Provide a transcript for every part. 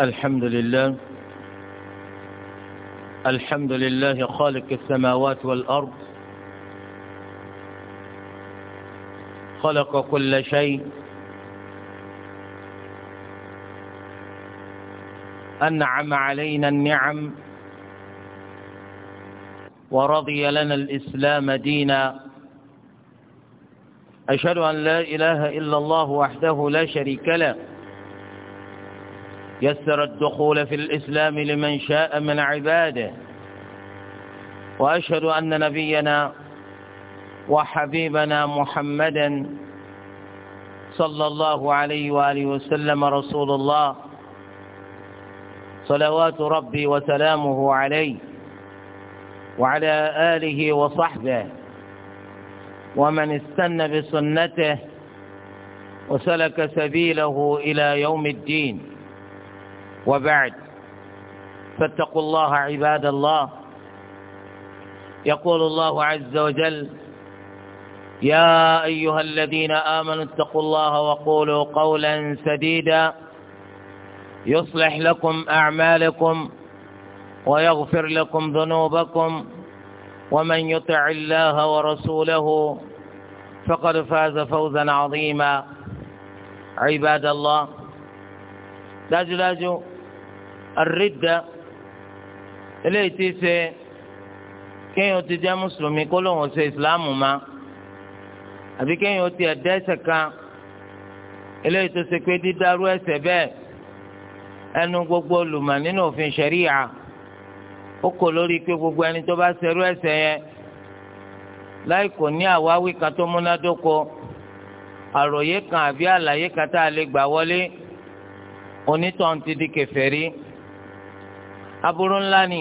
الحمد لله الحمد لله خالق السماوات والأرض خلق كل شيء أنعم علينا النعم ورضي لنا الإسلام دينا أشهد أن لا إله إلا الله وحده لا شريك له يسر الدخول في الإسلام لمن شاء من عباده وأشهد أن نبينا وحبيبنا محمدا صلى الله عليه وآله وسلم رسول الله صلوات ربي وسلامه عليه وعلى آله وصحبه ومن استنى بسنته وسلك سبيله إلى يوم الدين وبعد فاتقوا الله عباد الله يقول الله عز وجل يا أيها الذين آمنوا اتقوا الله وقولوا قولا سديدا يصلح لكم أعمالكم ويغفر لكم ذنوبكم ومن يطع الله ورسوله فقد فاز فوزا عظيما عباد الله dájúdájú àrídà eléyìí ti ṣe kéèyàn ti jẹ́ mùsùlùmí kó lóun ṣe ìsìláàmù ma àbí kéèyàn ti ẹ̀dá ẹ̀ṣẹ̀ kan eléyìí tó ṣe pé dídárú ẹ̀ṣẹ̀ bẹ́ẹ̀ ẹnu gbogbo olùmọ̀ nínú òfin ṣẹ̀ríyà ó kò lórí pé gbogbo ẹni tó bá ṣerú ẹ̀ṣẹ̀ yẹn láì kò ní àwáwí kan tó múnádóko àròyé kan àbí àlàyé kan tá a lè gbà wọlé. onítọ̀hún ti di kèfèrí aburú ńlá ni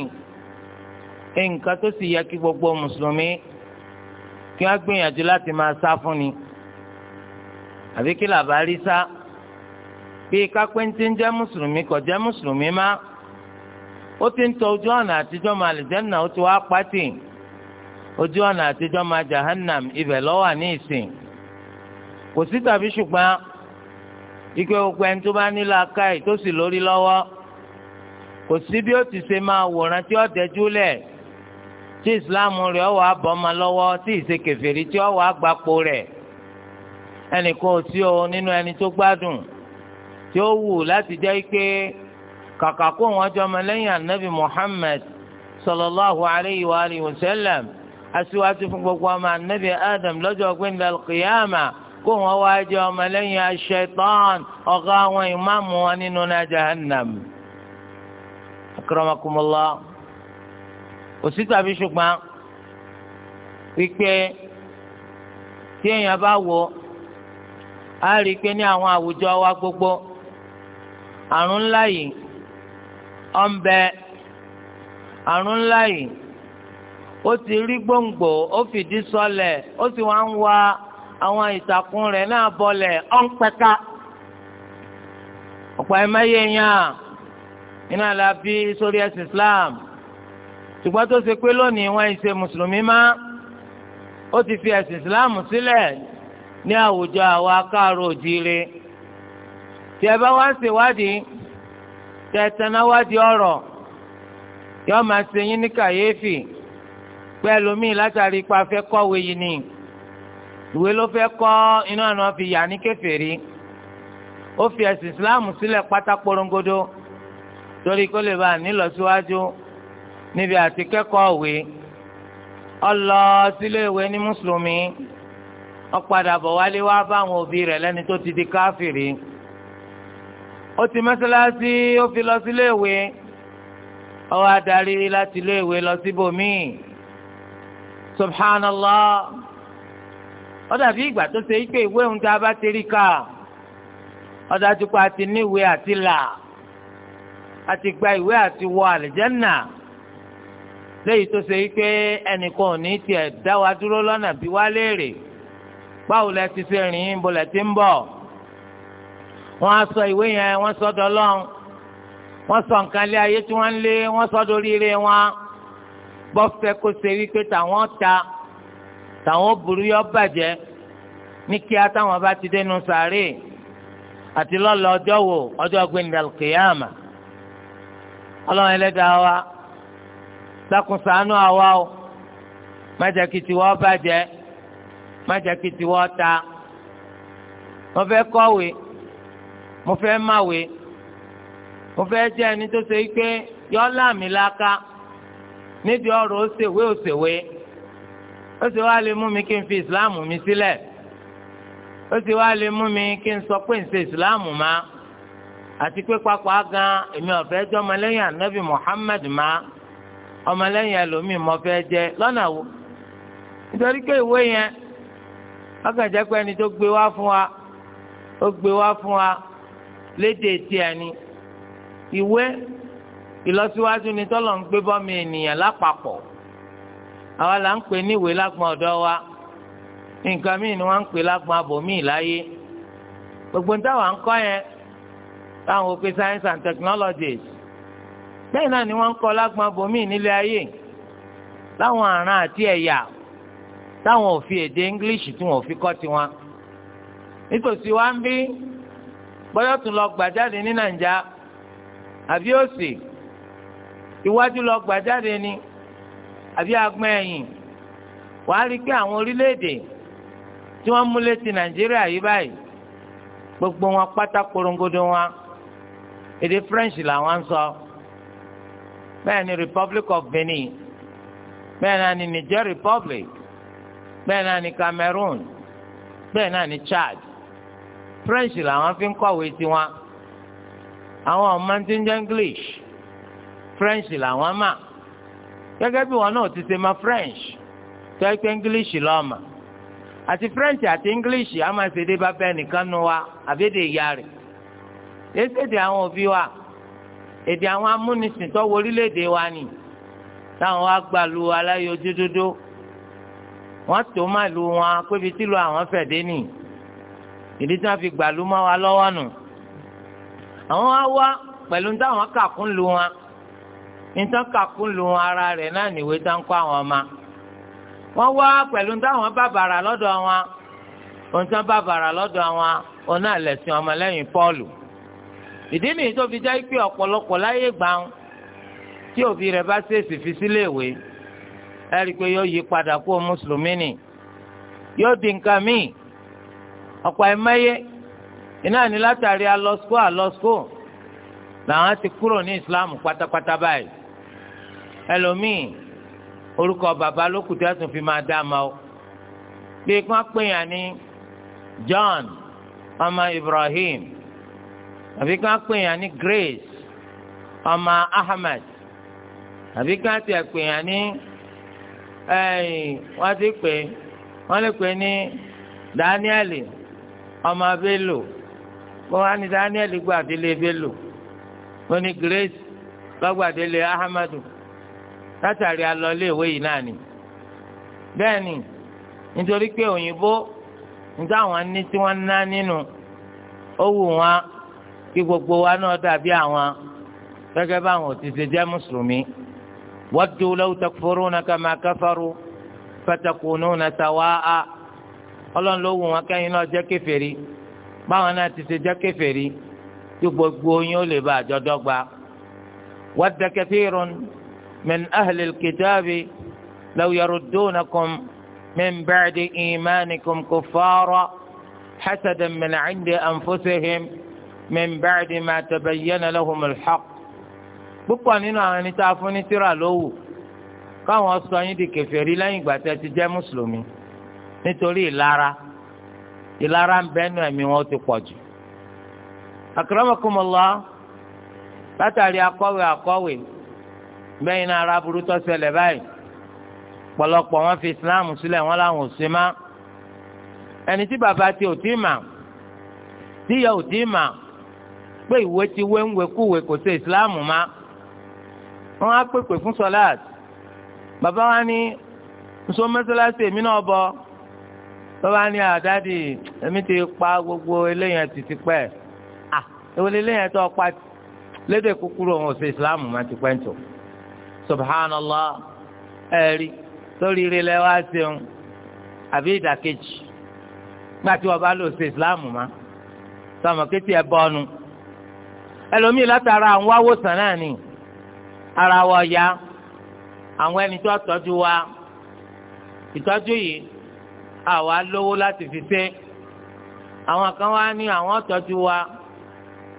nǹkan tó sì yẹ kí gbogbo mùsùlùmí kí wọ́n gbìyànjú láti máa sá fún ni àbí kí làbá rí sá bí kápẹ́ńtì ń jẹ́ mùsùlùmí kò jẹ́ mùsùlùmí má ó ti ń tọ ojú ọ̀nà àtijọ́ máa ó ti wá pátì ojú ọ̀nà àtijọ́ máa jahannam ibẹ̀ kò sí tàbí ṣùgbọ́n ikú gbogbo ẹni tó bá nílò akáyì tó sì lórí lọ́wọ́ kò sí bí ó ti ṣe máa wòran tí ó dẹjú lẹ̀ tí ìsìláàmù rẹ̀ ọ̀wọ́ abọ́mọ lọ́wọ́ tí ìṣe kèfèrí tí ọ̀wọ́ àgbàpọ̀ rẹ̀ ẹnìkan ò sí o nínú ẹni tó gbádùn tí ó wù láti jẹ́ pé kàkà kó wọn jọ ọmọ lẹ́yìn anabi Muhammad sallallahu alayhi wa alihi wa sallam aṣíwájú fún gbogbo ọmọ anabi Adam lọ́jọ́ gbẹ̀ndàl qiyamah kó wọn wá jẹ ọmọlẹ́yìn aṣetán ọ̀gá àwọn ìmáàmù wọn nínú náà jahannam. akramakumullah òsì tàbí ṣùgbọ́n wípé tí èèyàn bá wò á rí i pé ní àwọn àwùjọ wa gbogbo àrùn ńlá yìí ó ń bẹ àrùn ńlá yìí ó ti rí gbòǹgbò ó fìdí sọlẹ̀ ó sì wá ń wá. àwọn ìtàkùn rẹ̀ náà bọlẹ̀ ọ̀npẹ̀ka ọ̀pọ̀ ẹ̀mẹ́yẹ yẹn iná la sórí ẹ̀sìn Islam ṣùgbọ́n tó ṣe pé lónìí wọ́n ṣe mùsùlùmí má ó ti fi ẹ̀sìn Islam sílẹ̀ ní àwùjọ àwa káàró òjìire tí ẹ bá wá ṣèwádìí tẹ tẹnáwádìí ọ̀rọ̀ yọọ máa ṣe yín ní kàyéfì pẹ́ lómi látàrí ipa fẹ́ kọ́wé yìí ni ìwé ló fẹ́ kọ́ inú àná fi yà ní kèfèrí ó fi ẹ̀sìn ìsìláàmù sílẹ̀ pátá porongodo torí kó lè bá a nílọsíwájú níbi àti kẹ́kọ̀ọ́ òwe ó lọ sílé ìwé ní mùsùlùmí ó padà bọ̀ wálé wá báwọn òbí rẹ̀ lẹ́ni tó ti di káfìrí ó ti mọ́sálásí ó fi lọ sílé ó wá darí láti ilé lọ síbòmíì subhanallah ó dàbí ìgbà tó ṣe pé ìwé ohun tá a bá ti rí ká ó dájú pé a ti ní ìwé àti là a ti gba ìwé àti wọ àlìjẹ́nà léyìí tó ṣe pé ẹnìkan ò ní tiẹ̀ dá wa dúró lọ́nà bí wá léèrè báwo lẹ ti ṣe rìn ín bó ti ń bọ̀ wọ́n á sọ ìwé yẹn wọ́n sọ dọ́lọ́n wọ́n sọ nǹkan lé ayé tí wọ́n ń lé wọ́n sọ dóríire wọn bọ́fẹ́ kó ṣe wípé tàwọn ta. tàwọn burú yọ bàjẹ́ ní kíá táwọn bá ti dénú sàárè àti lọ́lọ́ ọjọ́ wo ọjọ́ gbẹ̀ndàl kìyàmà ọlọ́run ẹlẹ́dàá wa dákun ṣàánú àwa o má tiwọ́ bàjẹ́ má jẹ́ tiwọ́ ta mo fẹ́ kọ́wé mo fẹ́ máwé mo fẹ́ jẹ́ ẹni ó sì wá lè mú mi kí n fi ìsìláàmù mi sílẹ̀ ó sì wá lè mú mi kí n sọ pé n ṣe ìsìláàmù má àti pé pápá gan èmi ọ̀fẹ́ jẹ́ ọmọlẹ́yìn anabi Muhammad ma. ọmọlẹ́yìn ẹlòmíì mo fẹ́ jẹ́ lọ́nà wo nítorí pé ìwé yẹn ọkànjẹ́ pé ẹni tó gbé wá fún wa ó gbé wá fún wa lédè ìwé ìlọsíwájú ni tọ́lọ̀ ń gbé ènìyàn lápapọ̀. àwa là ń pè ní lágbọn ọ̀dọ̀ wa nǹkan míì ni wọ́n ń pè lágbọn abòmíì láyé gbogbo ní táwọn ń kọ́ yẹn táwọn òpin science and technologies bẹ́ẹ̀ náà ni wọ́n ń kọ́ lágbọn abòmíì nílé ayé láwọn àràn àti ẹ̀yà táwọn ò fi èdè English tí wọ́n fi kọ́ tiwọn nítòsí wa ń bí bọ́yọ̀ tún lọ gbàjáde ní àbí agbọ́n ẹ̀yìn wàá rí i pé àwọn orílẹ̀-èdè tí wọ́n múlé ti nàìjíríà yìí báyìí gbogbo wọn pátá korongodo wọn èdè french làwọn ń sọ bẹ́ẹ̀ ni republic of benin bẹ́ẹ̀ náà ni niger republic bẹ́ẹ̀ náà ni cameroon bẹ́ẹ̀ náà ni chad french làwọn fi ń kọ̀wé tiwọn àwọn ọmọ tí ń jẹ́ english french làwọn máa gẹ́gẹ́ bí wọn náà ti ṣe ma French tó ẹ pé English lọ́ọ̀mà àti French àti English a máa ṣe dé bá bẹ́ẹ̀ nìkan nu wa àbẹ́dẹ̀ ìyá rẹ̀ èsì èdè àwọn òbí wa èdè àwọn amúnisìn tó wọ orílẹ̀-èdè wa ni táwọn wa gbà lu aláyọ̀ dúdúdú wọ́n tó má lu wọn pébi tí lu àwọn fẹ̀dé nì ìdí tí wọ́n fi gbà lu mọ́ wa lọ́wọ́ nù àwọn wa wá pẹ̀lú táwọn kà kún lu wọn. nítorí kakun lu ara rẹ̀ náà iwe tá ń ọma. àwọn ọmọ wọ́n wá pẹ̀lú táwọn bàbàrà lọ́dọ̀ wọn ohun tí bàbàrà lọ́dọ̀ wọn òun náà lẹ̀sìn ọmọlẹ́yìn ìdí nìyí tó fi jẹ́ pé ọ̀pọ̀lọpọ̀ láyé tí òbí bá fi sílé ìwé ẹ rí i pé yóò yí padà kó mùsùlùmí nì yóò di nǹkan míì ọ̀pọ̀ ẹ̀mẹ́yẹ iná látàrí ẹlòmíì orúkọ bàbá ló kù tẹ́sùn fi máa dá ma o pé kí ní John ọmọ Ibrahim àbí kí wọ́n pè ní Grace ọmọ Ahmed àbí kí wọ́n tiẹ̀ pè yàn ní wọ́n ti pè wọ́n lè pè ní Daniel ọmọ Bello wọ́n wá ní Daniel gbàdélé Bello wọ́n ní Grace lọ́gbàdélé Ahmedu. látàrí alọ́léèwé yìí náà ni bẹ́ẹ̀ ni nítorí pé òyìnbó nítawọn ní tí wọ́n ná nínú ó wù kí gbogbo wa náà dàbí àwọn gẹ́gẹ́ báwọn ò ti ṣe jẹ́ mùsùlùmí waddu law takfuruna kama kafaru fatakununa sawaa ọlọ́run ló wù wọ́n kẹ́yìn náà jẹ́ kèfèrí báwọn náà ti ṣe jẹ́ kí gbogbo yín ó lè bá àjọ wadda من أهل الكتاب لو يردونكم من بعد إيمانكم كفارا حسدا من عند أنفسهم من بعد ما تبين لهم الحق بقى نينا أني تعفوني ترى لو كان وصاني دي كفيري لا تجي مسلمي نتولي لارا لارا بينو أمي واتي قوجي أكرمكم الله فتالي أقوي أقوي bẹ́yìn náà ara burú tó ṣẹlẹ̀ báyìí pọ̀lọpọ̀ wọn fi islam sílẹ̀ wọn làwọn ò ṣe má ẹni tí bàbá ti ò tí mà tíyẹ ò tí mà pé ìwé ti wé ń wekúwe kò ṣe islam má wọn á pèpè fún sọláàt bàbá wa ní nsọ mọ́sálásí èmi náà bọ bàbá ní àdáàdì èmi ti pa gbogbo eléyàn títí pẹ́ à èwo lè léyàn tó pa lédè kúkúrú òun ò ṣe islam má ti pẹ́ ń tò subhanallah ẹ̀rí sórí ire lẹ́wọ́ àṣeun àbí ìdàkejì gbàtí wọ́n bá lò sí ìsìláàmù má sọmọ kétì ẹ̀ bọ́nu ẹlòmíì látara àwọn awòsàn náà ni ara wọ̀ ya àwọn ẹni tó tọ́jú wa ìtọ́jú yìí àwa lówó láti fi ṣe àwọn kan wá ní àwọn tọ́jú wa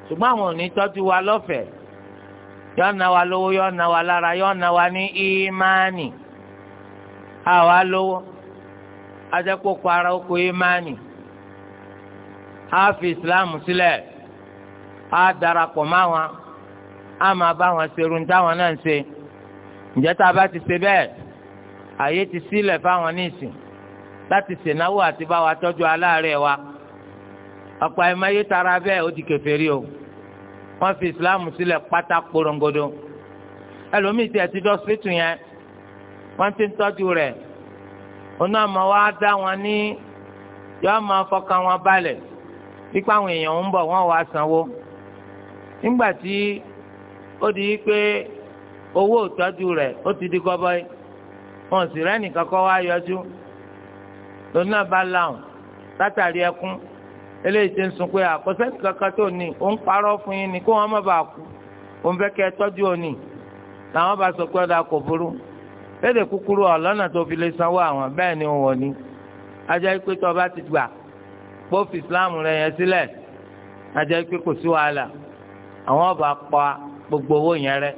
ṣùgbọ́n àwọn ò ní tọ́jú wa lọ́fẹ̀ẹ́ yọ na wa lówó yọ na wa lara yọ na wa wà ìmánì àwa lówó adẹ́kọ̀ọ́kọ ara oko Imaani. a fi islam silẹ. a darapọ̀ ma àwọn a máa bá wọn ṣerú ní táwọn nse ń ṣe ǹjẹ́ tá a bá ti ṣe fa àyè ti sílẹ̀ fáwọn nísìn láti àti bá wa tọ́jú aláàárẹ̀ wa ọ̀pọ̀ àìmọye tara bẹ́ẹ̀ ó di o. wọ́n fi islam sílẹ̀ pátá korongodo ẹlòmíì tí ẹ ti dọ́ sílẹ̀tù yẹn wọ́n ti ń tọ́jú rẹ̀ oná àmọ́ wá dá wọn ní yọ máa fọkàn wọn balẹ̀ pípa àwọn èèyàn ń bọ̀ wọ́n wá sanwó nígbà tí ó di pé owó ìtọ́jú rẹ̀ ó ti di gọbọi wọn sì rẹ́nìkan kọ́ wá yọjú lónà bá láwọn látàrí ẹkún eléyìí ti ń sun pé àkọsẹ́ni kankan tó ní òun parọ́ fún yín ni kó wọn má bàa kú òun fẹ́ kẹ́ ẹ tọ́jú òní làwọn bá sọ pé ọ̀dà kò burú lédè kúkúrú ọ̀lọ́nà tó fi lè sanwó àwọn bẹ́ẹ̀ ni wọ́n ní ajá ikpe tó bá ti gbà kpófì islam rẹ̀ yẹn sílẹ̀ ajá ikpe kò sí wàhálà àwọn ọba pa gbogbo owó yẹn rẹ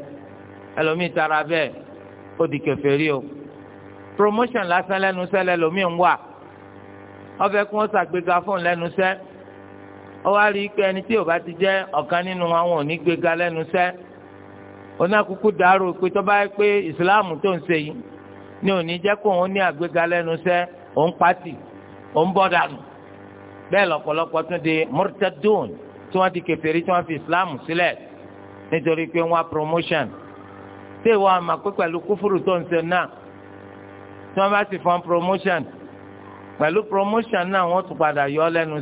ẹlòmíì tara bẹ́ẹ̀ ó di kèfèrí o promotion lásán lẹ́nu sẹ́ lẹ́lòmíì ń wà ọbẹ̀ kí wọ́n ṣàgbéga fún lẹ́nu sẹ́ ó wá rí i ẹni tí ò bá ti jẹ́ ọ̀kan nínú àwọn ò ní gbéga lẹ́nu iṣẹ́ onákùkù dàrú pé tó yẹ pé ìsìláàmù tó ń ṣe yìí ni ò ní jẹ́ kó òun ní àgbéga lẹ́nu òun òun bọ́ dànù bẹ́ẹ̀ murtadun tí wọ́n ti tí wọ́n fi promotion tí ìwọ àmà pé pẹ̀lú kúfùrù tó ń náà promotion pẹ̀lú promotion náà wọ́n tún padà yọ lẹ́nu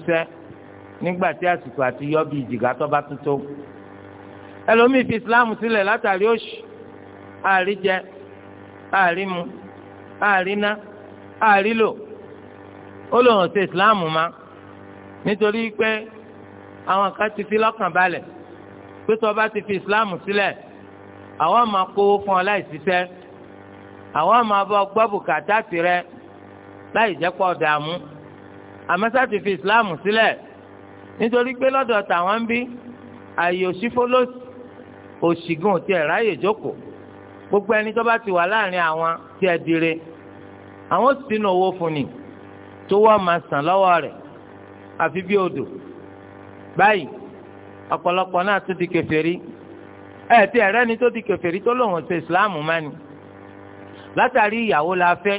nígbà tí àsìkò àti yọ bíi ìjìgá tó bá tún tó ẹlòmíì fi islam sílẹ̀ látàrí òṣì àárí jẹ àárí mu ó lòun ṣe islam ma nítorí pé àwọn kan ti fi lọ́kàn balẹ̀ pé tó bá ti fi islam sílẹ̀ àwọn máa kówó fún ọ láì ṣiṣẹ́ àwọn máa bọ gbọ́ bùkátà tirẹ̀ láì jẹ́ pọ̀ dààmú àmọ́ sá ti fi islam sílẹ̀. Si nítorí pé lọ́dọ̀ tàwọn ń bí àyè òsífólósì òṣìgùn tí ẹ̀ ráyè jókòó gbogbo ẹni tó bá ti wà láàrin àwọn tí ẹ dire àwọn sínú owó fún ni tó wọ́n máa sàn lọ́wọ́ rẹ̀ àfi bí odò báyìí ọ̀pọ̀lọpọ̀ náà tó di kèfèrí ẹ̀ tí ẹ̀rẹ́ ni tó di kèfèrí tó lòun ṣe ìsìláàmù má látàrí ìyàwó la fẹ́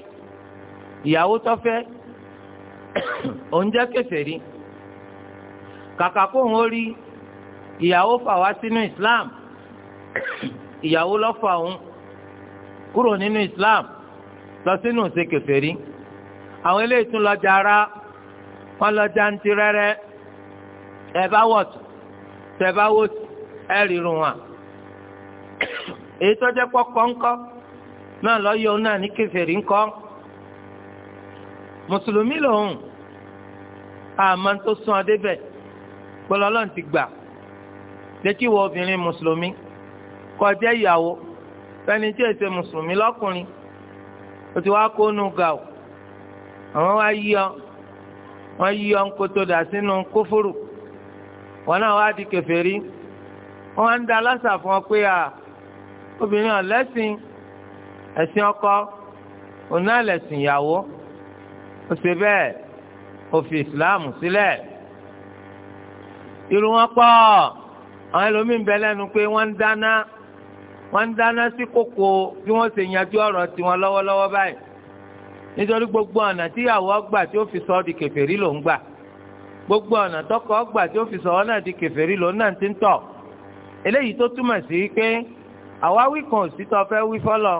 ìyàwó tó fẹ́ òun jẹ́ kèfèrí kàkà kó ń orí ìyàwó fà wá sínú islam ìyàwó lọ́fà òun kúrò nínú islam lọ sínú ṣe kèfèrí àwọn eléyìí tún lọ jàrá wọn lọ jantí rẹrẹ ẹ bá wọtù tẹ bá wọ ẹ rírun wa èyí tó jẹ kọkọ ńkọ náà lọ yọ náà ní kèfèrí ńkọ mùsùlùmí lòun àmọ́ tó sún adébẹ̀ pẹ̀lú ọlọ́run ti gbà létí wọ obìnrin mùsùlùmí kọjá ìyàwó fẹ́ni tí èsè mùsùlùmí lọ́kùnrin o ti wá kó nu ga o àwọn wá yí ọ wọ́n yí ọ nkoto dà sínú kófòrò wọn náà wá di kèfèrí wọ́n wá ń da lọ́sà fún ọ pé à obìnrin ọ̀lẹ́sìn ẹ̀sìn ọkọ òun náà lẹ̀sìn ìyàwó ó ṣe bẹ́ẹ̀ ó fi ìsìláàmù sílẹ̀. Si irú wọn pọ̀ àwọn ẹlòmíín bẹ lẹ́nu pé wọ́n ń dáná wọ́n ń dáná sí kòkò bí wọ́n ṣe yanjú ọ̀rọ̀ tiwọn lọ́wọ́lọ́wọ́ báyìí nítorí gbogbo ọ̀nà tíyàwó ọgbà tí ó fi sọ ọ́ di kèfèrí ló ń gbà gbogbo ọ̀nà tọkọ ọgbà tí ó fi sọ ọ́ náà di kèfèrí ló náà ti ń tọ̀ eléyìí tó túmọ̀ sí pé àwa wí kan òsì tó fẹ́ wí fọ́lọ́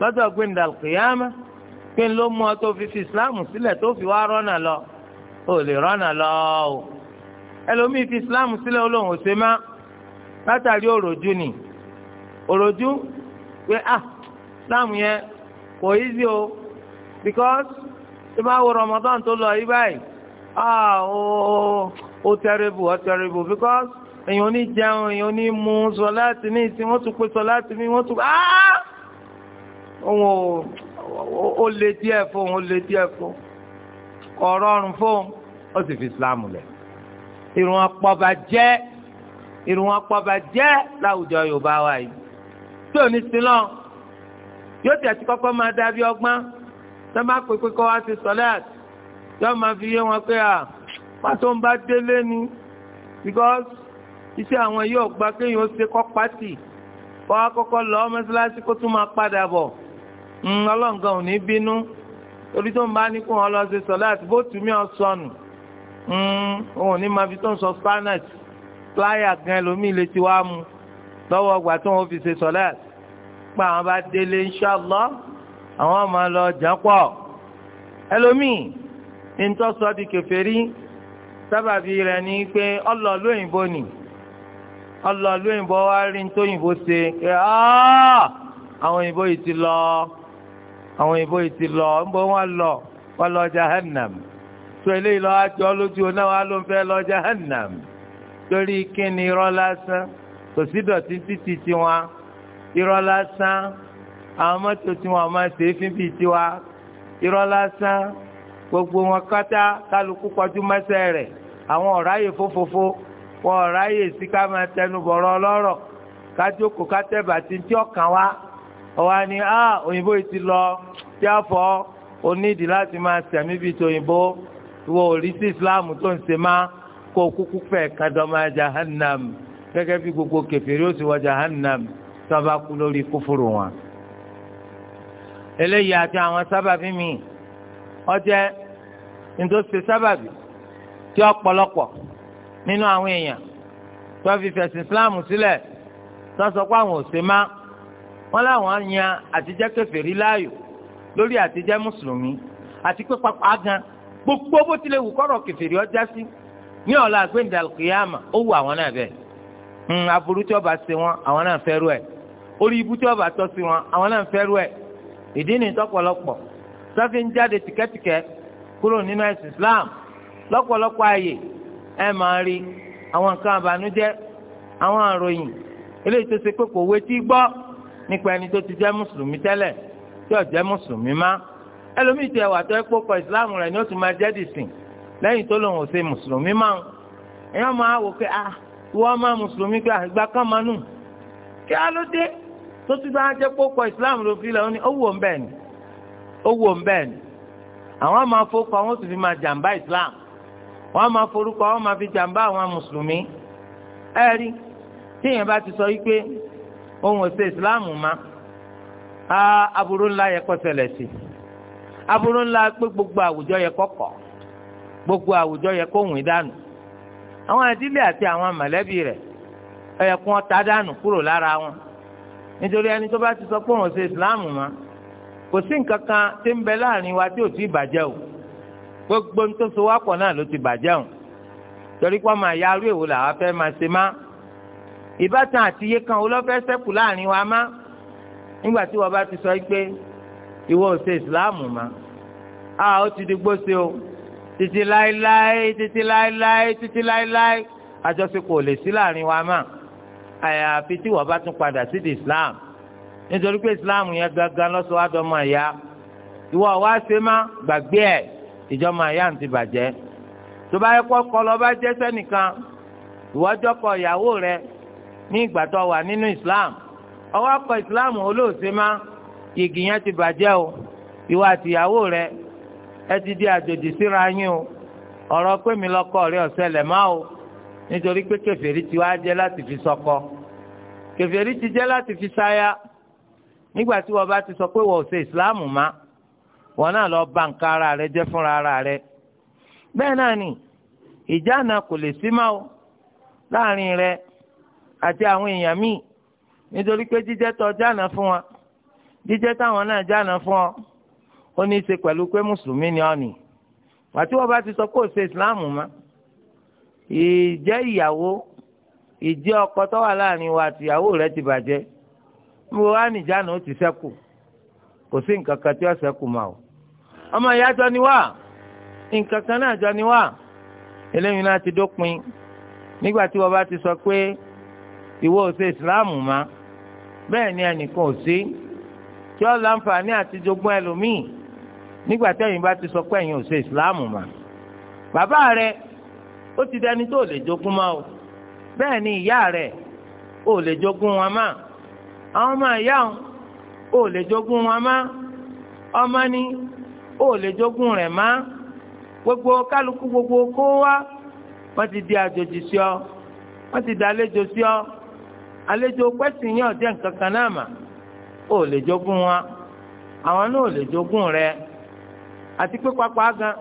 lọ́dọ̀ gbẹ̀ndà kìyàmá pé ló mú ọ tó fi fi ìsìláàmù sílẹ̀ tó fi wá rọ́nà lọ ò lè rọ́nà lọ o ẹlòmíì fi islam sílẹ̀ olóhùn ò ṣe má látàrí òròjú ni òròjú pé ah islam yẹn kò easy o because tí wo ramadan tó lọ yí báyìí ah o o terrible o terrible because èyàn ní jẹun èyàn ní mu sọ láti ní ìsìn wọ́n tún pè sọ láti ní wọ́n tún ah òun ò ó lè díẹ̀ fún òun ó lè díẹ̀ fún ọ̀rọ̀ ọ̀run fún ó sì fi islam lẹ̀ irun apọba jẹ́ irun apọba jẹ́ láwùjọ Yorùbá wa yìí tí ò ní sílọ̀ yóò tẹ̀ sí kọ́kọ́ máa dábí ọgbọ́n tó bá pè pé kọ́ wá sí sọ́lẹ́t yóò máa fi yé wọn pé à pàtó ń bá délé ni because iṣẹ́ àwọn yóò gba kéèyàn ó ṣe kọ́ pátì kọ́ akọ́kọ́ lọ mọ́ṣáláṣí kó tún máa padà bọ̀ hmm, ọlọ́ǹgàn ò ní bínú torí tó ń bá ní kó wọn lọ sí sọ́lẹ́t bó tún mí ọ sọnù. Hmm, òun ní máa fi tó ń sọ spanish pláyà gan lómi lè ti wá mu lọ́wọ́ ọgbà tó ń fi ṣe sọ́lẹ̀ pa àwọn bá délé inshallah àwọn máa lọ jàn pọ̀ ẹlòmíì ní tó sọ di kèfèrí sábàbí rẹ̀ ni pé ọlọ́ọ̀lú òyìnbó ni ọlọ́ọ̀lú òyìnbó wá rí ní tóyìnbó ṣe pé àwọn òyìnbó yìí ti lọ àwọn òyìnbó yìí ti lọ ń bọ́ wọn lọ wọn lọ jahannam sọ eléyìí lọ àjọ lójú náà wà ló ń fẹ́ lọ jahannam torí kíni irọ́ lásán kò sí dọ̀tí títí tiwọn irọ́ lásán àwọn mọ́tò tiwọn máa ṣe é fín bíi tiwa irọ́ lásán gbogbo wọn kátá kálukú kọjú mẹ́sẹ̀ rẹ̀ àwọn ọ̀ráyè fófófó wọn ọ̀ráyè sí máa tẹnu bọ̀rọ̀ ọlọ́rọ̀ kájókòó kátẹ́bà tí tí ọ̀kan wá ọ̀wá ni a ah, òyìnbó yìí ti lọ tí a fọ́ onídìí láti máa sẹ̀mí bíi tòyìnbó ìwọ òrí sí islam tó ń ṣe má kó kúkú fẹ́ kadọ́mà jahannam gẹ́gẹ́ bí gbogbo kẹfìrí ó sì wọ jahannam tó bá kú lórí kúfùrù wọn. eléyìí àti àwọn sábàbí mi ọjẹ́ nítòsí sábàbí tí ọ̀pọ̀lọpọ̀ nínú àwọn èèyàn tó fi fẹ̀sìn islam sílẹ̀ tó sọ pé àwọn ò ṣe má wọn láwọn yan àtijẹ́ kẹfìrí láàyò lórí àtijẹ́ mùsùlùmí àti pé pápá gbogbo bó tilẹ̀ wù kọ́rọ̀ kẹfìrí ọjà sí ní ọ̀la àgbéǹda kìyàmà ó wù àwọn náà bẹ́ẹ̀ ń hmm, aburú tí ọba ṣe wọn àwọn náà fẹ́ ẹ̀ orí ibú tí wọn àwọn náà ẹ̀ ìdí Islam ààyè ẹ̀ máa rí àwọn nǹkan àbànújẹ́ àwọn àròyìn eléyìí tó ṣe pé kò ẹlòmíì tí ẹwà tó ẹ kpọkọ ìsìláàmù rẹ ni ó ti máa jẹ́ dìsìn lẹ́yìn tó lòun ò ṣe mùsùlùmí máa ń ẹ̀yàn máa wò pé ah ìwọ máa mùsùlùmí pé àgbà ah, kan máa nù kí á ló dé tó ti bá jẹ́ kpọkọ ìsìláàmù ló fi lẹ̀ ó ní ó wò ń bẹ́ẹ̀ ni ó wò ń bẹ́ẹ̀ ni àwọn máa fọkọ àwọn sì fi máa jàǹbá ìsìláàmù wọ́n máa forúkọ àwọn máa fi jàǹbá àwọn mùsùlùmí ẹ̀rí tí èèyàn bá ti sọ yí pé òun ò ṣe ìsìláàmù má ah, aburú ńlá yẹ kó ṣẹlẹ̀ sí i aburú ńlá pé gbogbo àwùjọ yẹ kọ́kọ́ gbogbo àwùjọ yẹ kó hùn dànù àwọn àdílé àti àwọn mọ̀lẹ́bí rẹ̀ ẹ̀yẹ kún ọ̀tá dànù kúrò lára wọn nítorí ẹni tó bá ti sọ pé òun ṣe ìsìláàmù mọ́ kò sí nǹkan kan tí ń bẹ láàrin wa tí ò tí ì bàjẹ́ o gbogbo ń tó so wá pọ̀ náà ló ti bàjẹ́ o torí pé ọmọ àyà arú èwo làwa fẹ́ máa ṣe má ìbátan àti iye kan olófẹ́ sẹ́kù láàrin wa má nígbà tí wọ́n bá ti sọ pé Iwọ ò ṣe ìsìláàmù ma a o ti di gbose o Titi láéláé títí láéláé títí láéláé àjọṣepọ̀ ò lè sí láàrin wa mà àyàfi tí wọ́n bá tún padà sí di islam nítorí pé islam yẹn gangan lọ́sọ̀ wá dọ́mọ ẹ̀yà ìwọ wá ṣe ma gbàgbé ẹ̀ ìjọba ẹ̀yà ń ti bàjẹ́ tó bá yẹ kó kọ́ lọ bá jẹ́ sẹ́nìkan ìwọ́jọ́kọ̀ ìyàwó rẹ ní ìgbà tó wà nínú islam ọwọ́ akọ islam olóòṣè má. igi yẹn ti bàjẹ́ o ìwọ àtìyàwó rẹ ẹ ti di àjòjì síra yín o ọ̀rọ̀ pé mi lọ́kọ rẹ ọ̀sẹ̀ lẹ̀ má o nítorí pé kèfèrí ti wá jẹ́ láti fi sọkọ kèfèrí ti jẹ́ láti fi sáyà nígbà tí wọ́n bá ti sọ pé wọ́n ò ṣe ìsìláàmù má wọ́n náà lọ bà nǹkan ara rẹ jẹ́ fúnra ara rẹ bẹ́ẹ̀ náà ni ìjánà kò lè sí má o láàrin rẹ àti àwọn èèyàn míì nítorí pé jíjẹ́ tọ́ jánà fún wa jíjẹ́ táwọn náà jáná fún ọ ó ní í ṣe pẹ̀lú pé mùsùlùmí ni ọ nì wàtí wọ́n bá ti sọ pé ó ṣe ìsìláàmù mọ́ ìjẹ́ ìyàwó ìjẹ́ ọkọ tó wà láàrin wa àti ìyàwó rẹ ti bàjẹ́ mo wá nìjánu ó ti ṣẹ́kù kò sí nǹkan kan tí ó ṣẹ́kù mọ́ o ọmọ ìyá jọ ni wá nǹkan kan náà jọ ni wá eléyìí náà ti dópin nígbà tí wọ́n bá ti sọ pé ìwọ ò ṣe ìsìláàmù mọ́ bẹ́ẹ̀ ni ẹnìkan ò sí kí ọ láǹfààní àti jogún ẹlòmíì nígbà tẹ́yìn bá ti sọ pé ẹ̀yin ò ṣe ìsìláàmù mà bàbá rẹ ó ti dẹni tó lè jogún mọ́ o bẹ́ẹ̀ ni ìyá rẹ ò lè jogún wọn mọ́ àwọn ọmọ ìyá wọn ò lè jogún wọn mọ́ ọmọ ni ò lè jogún rẹ̀ mọ́ gbogbo kálukú gbogbo kó wá wọ́n ti di àjòjì sí ọ wọ́n ti di àlejò sí ọ àlejò pẹ́sìn yẹn ọ̀jẹ̀ nǹkan kan náà mà. o lè jogún wa àwọn náà ò lè jogún rẹ àti pé pápá gan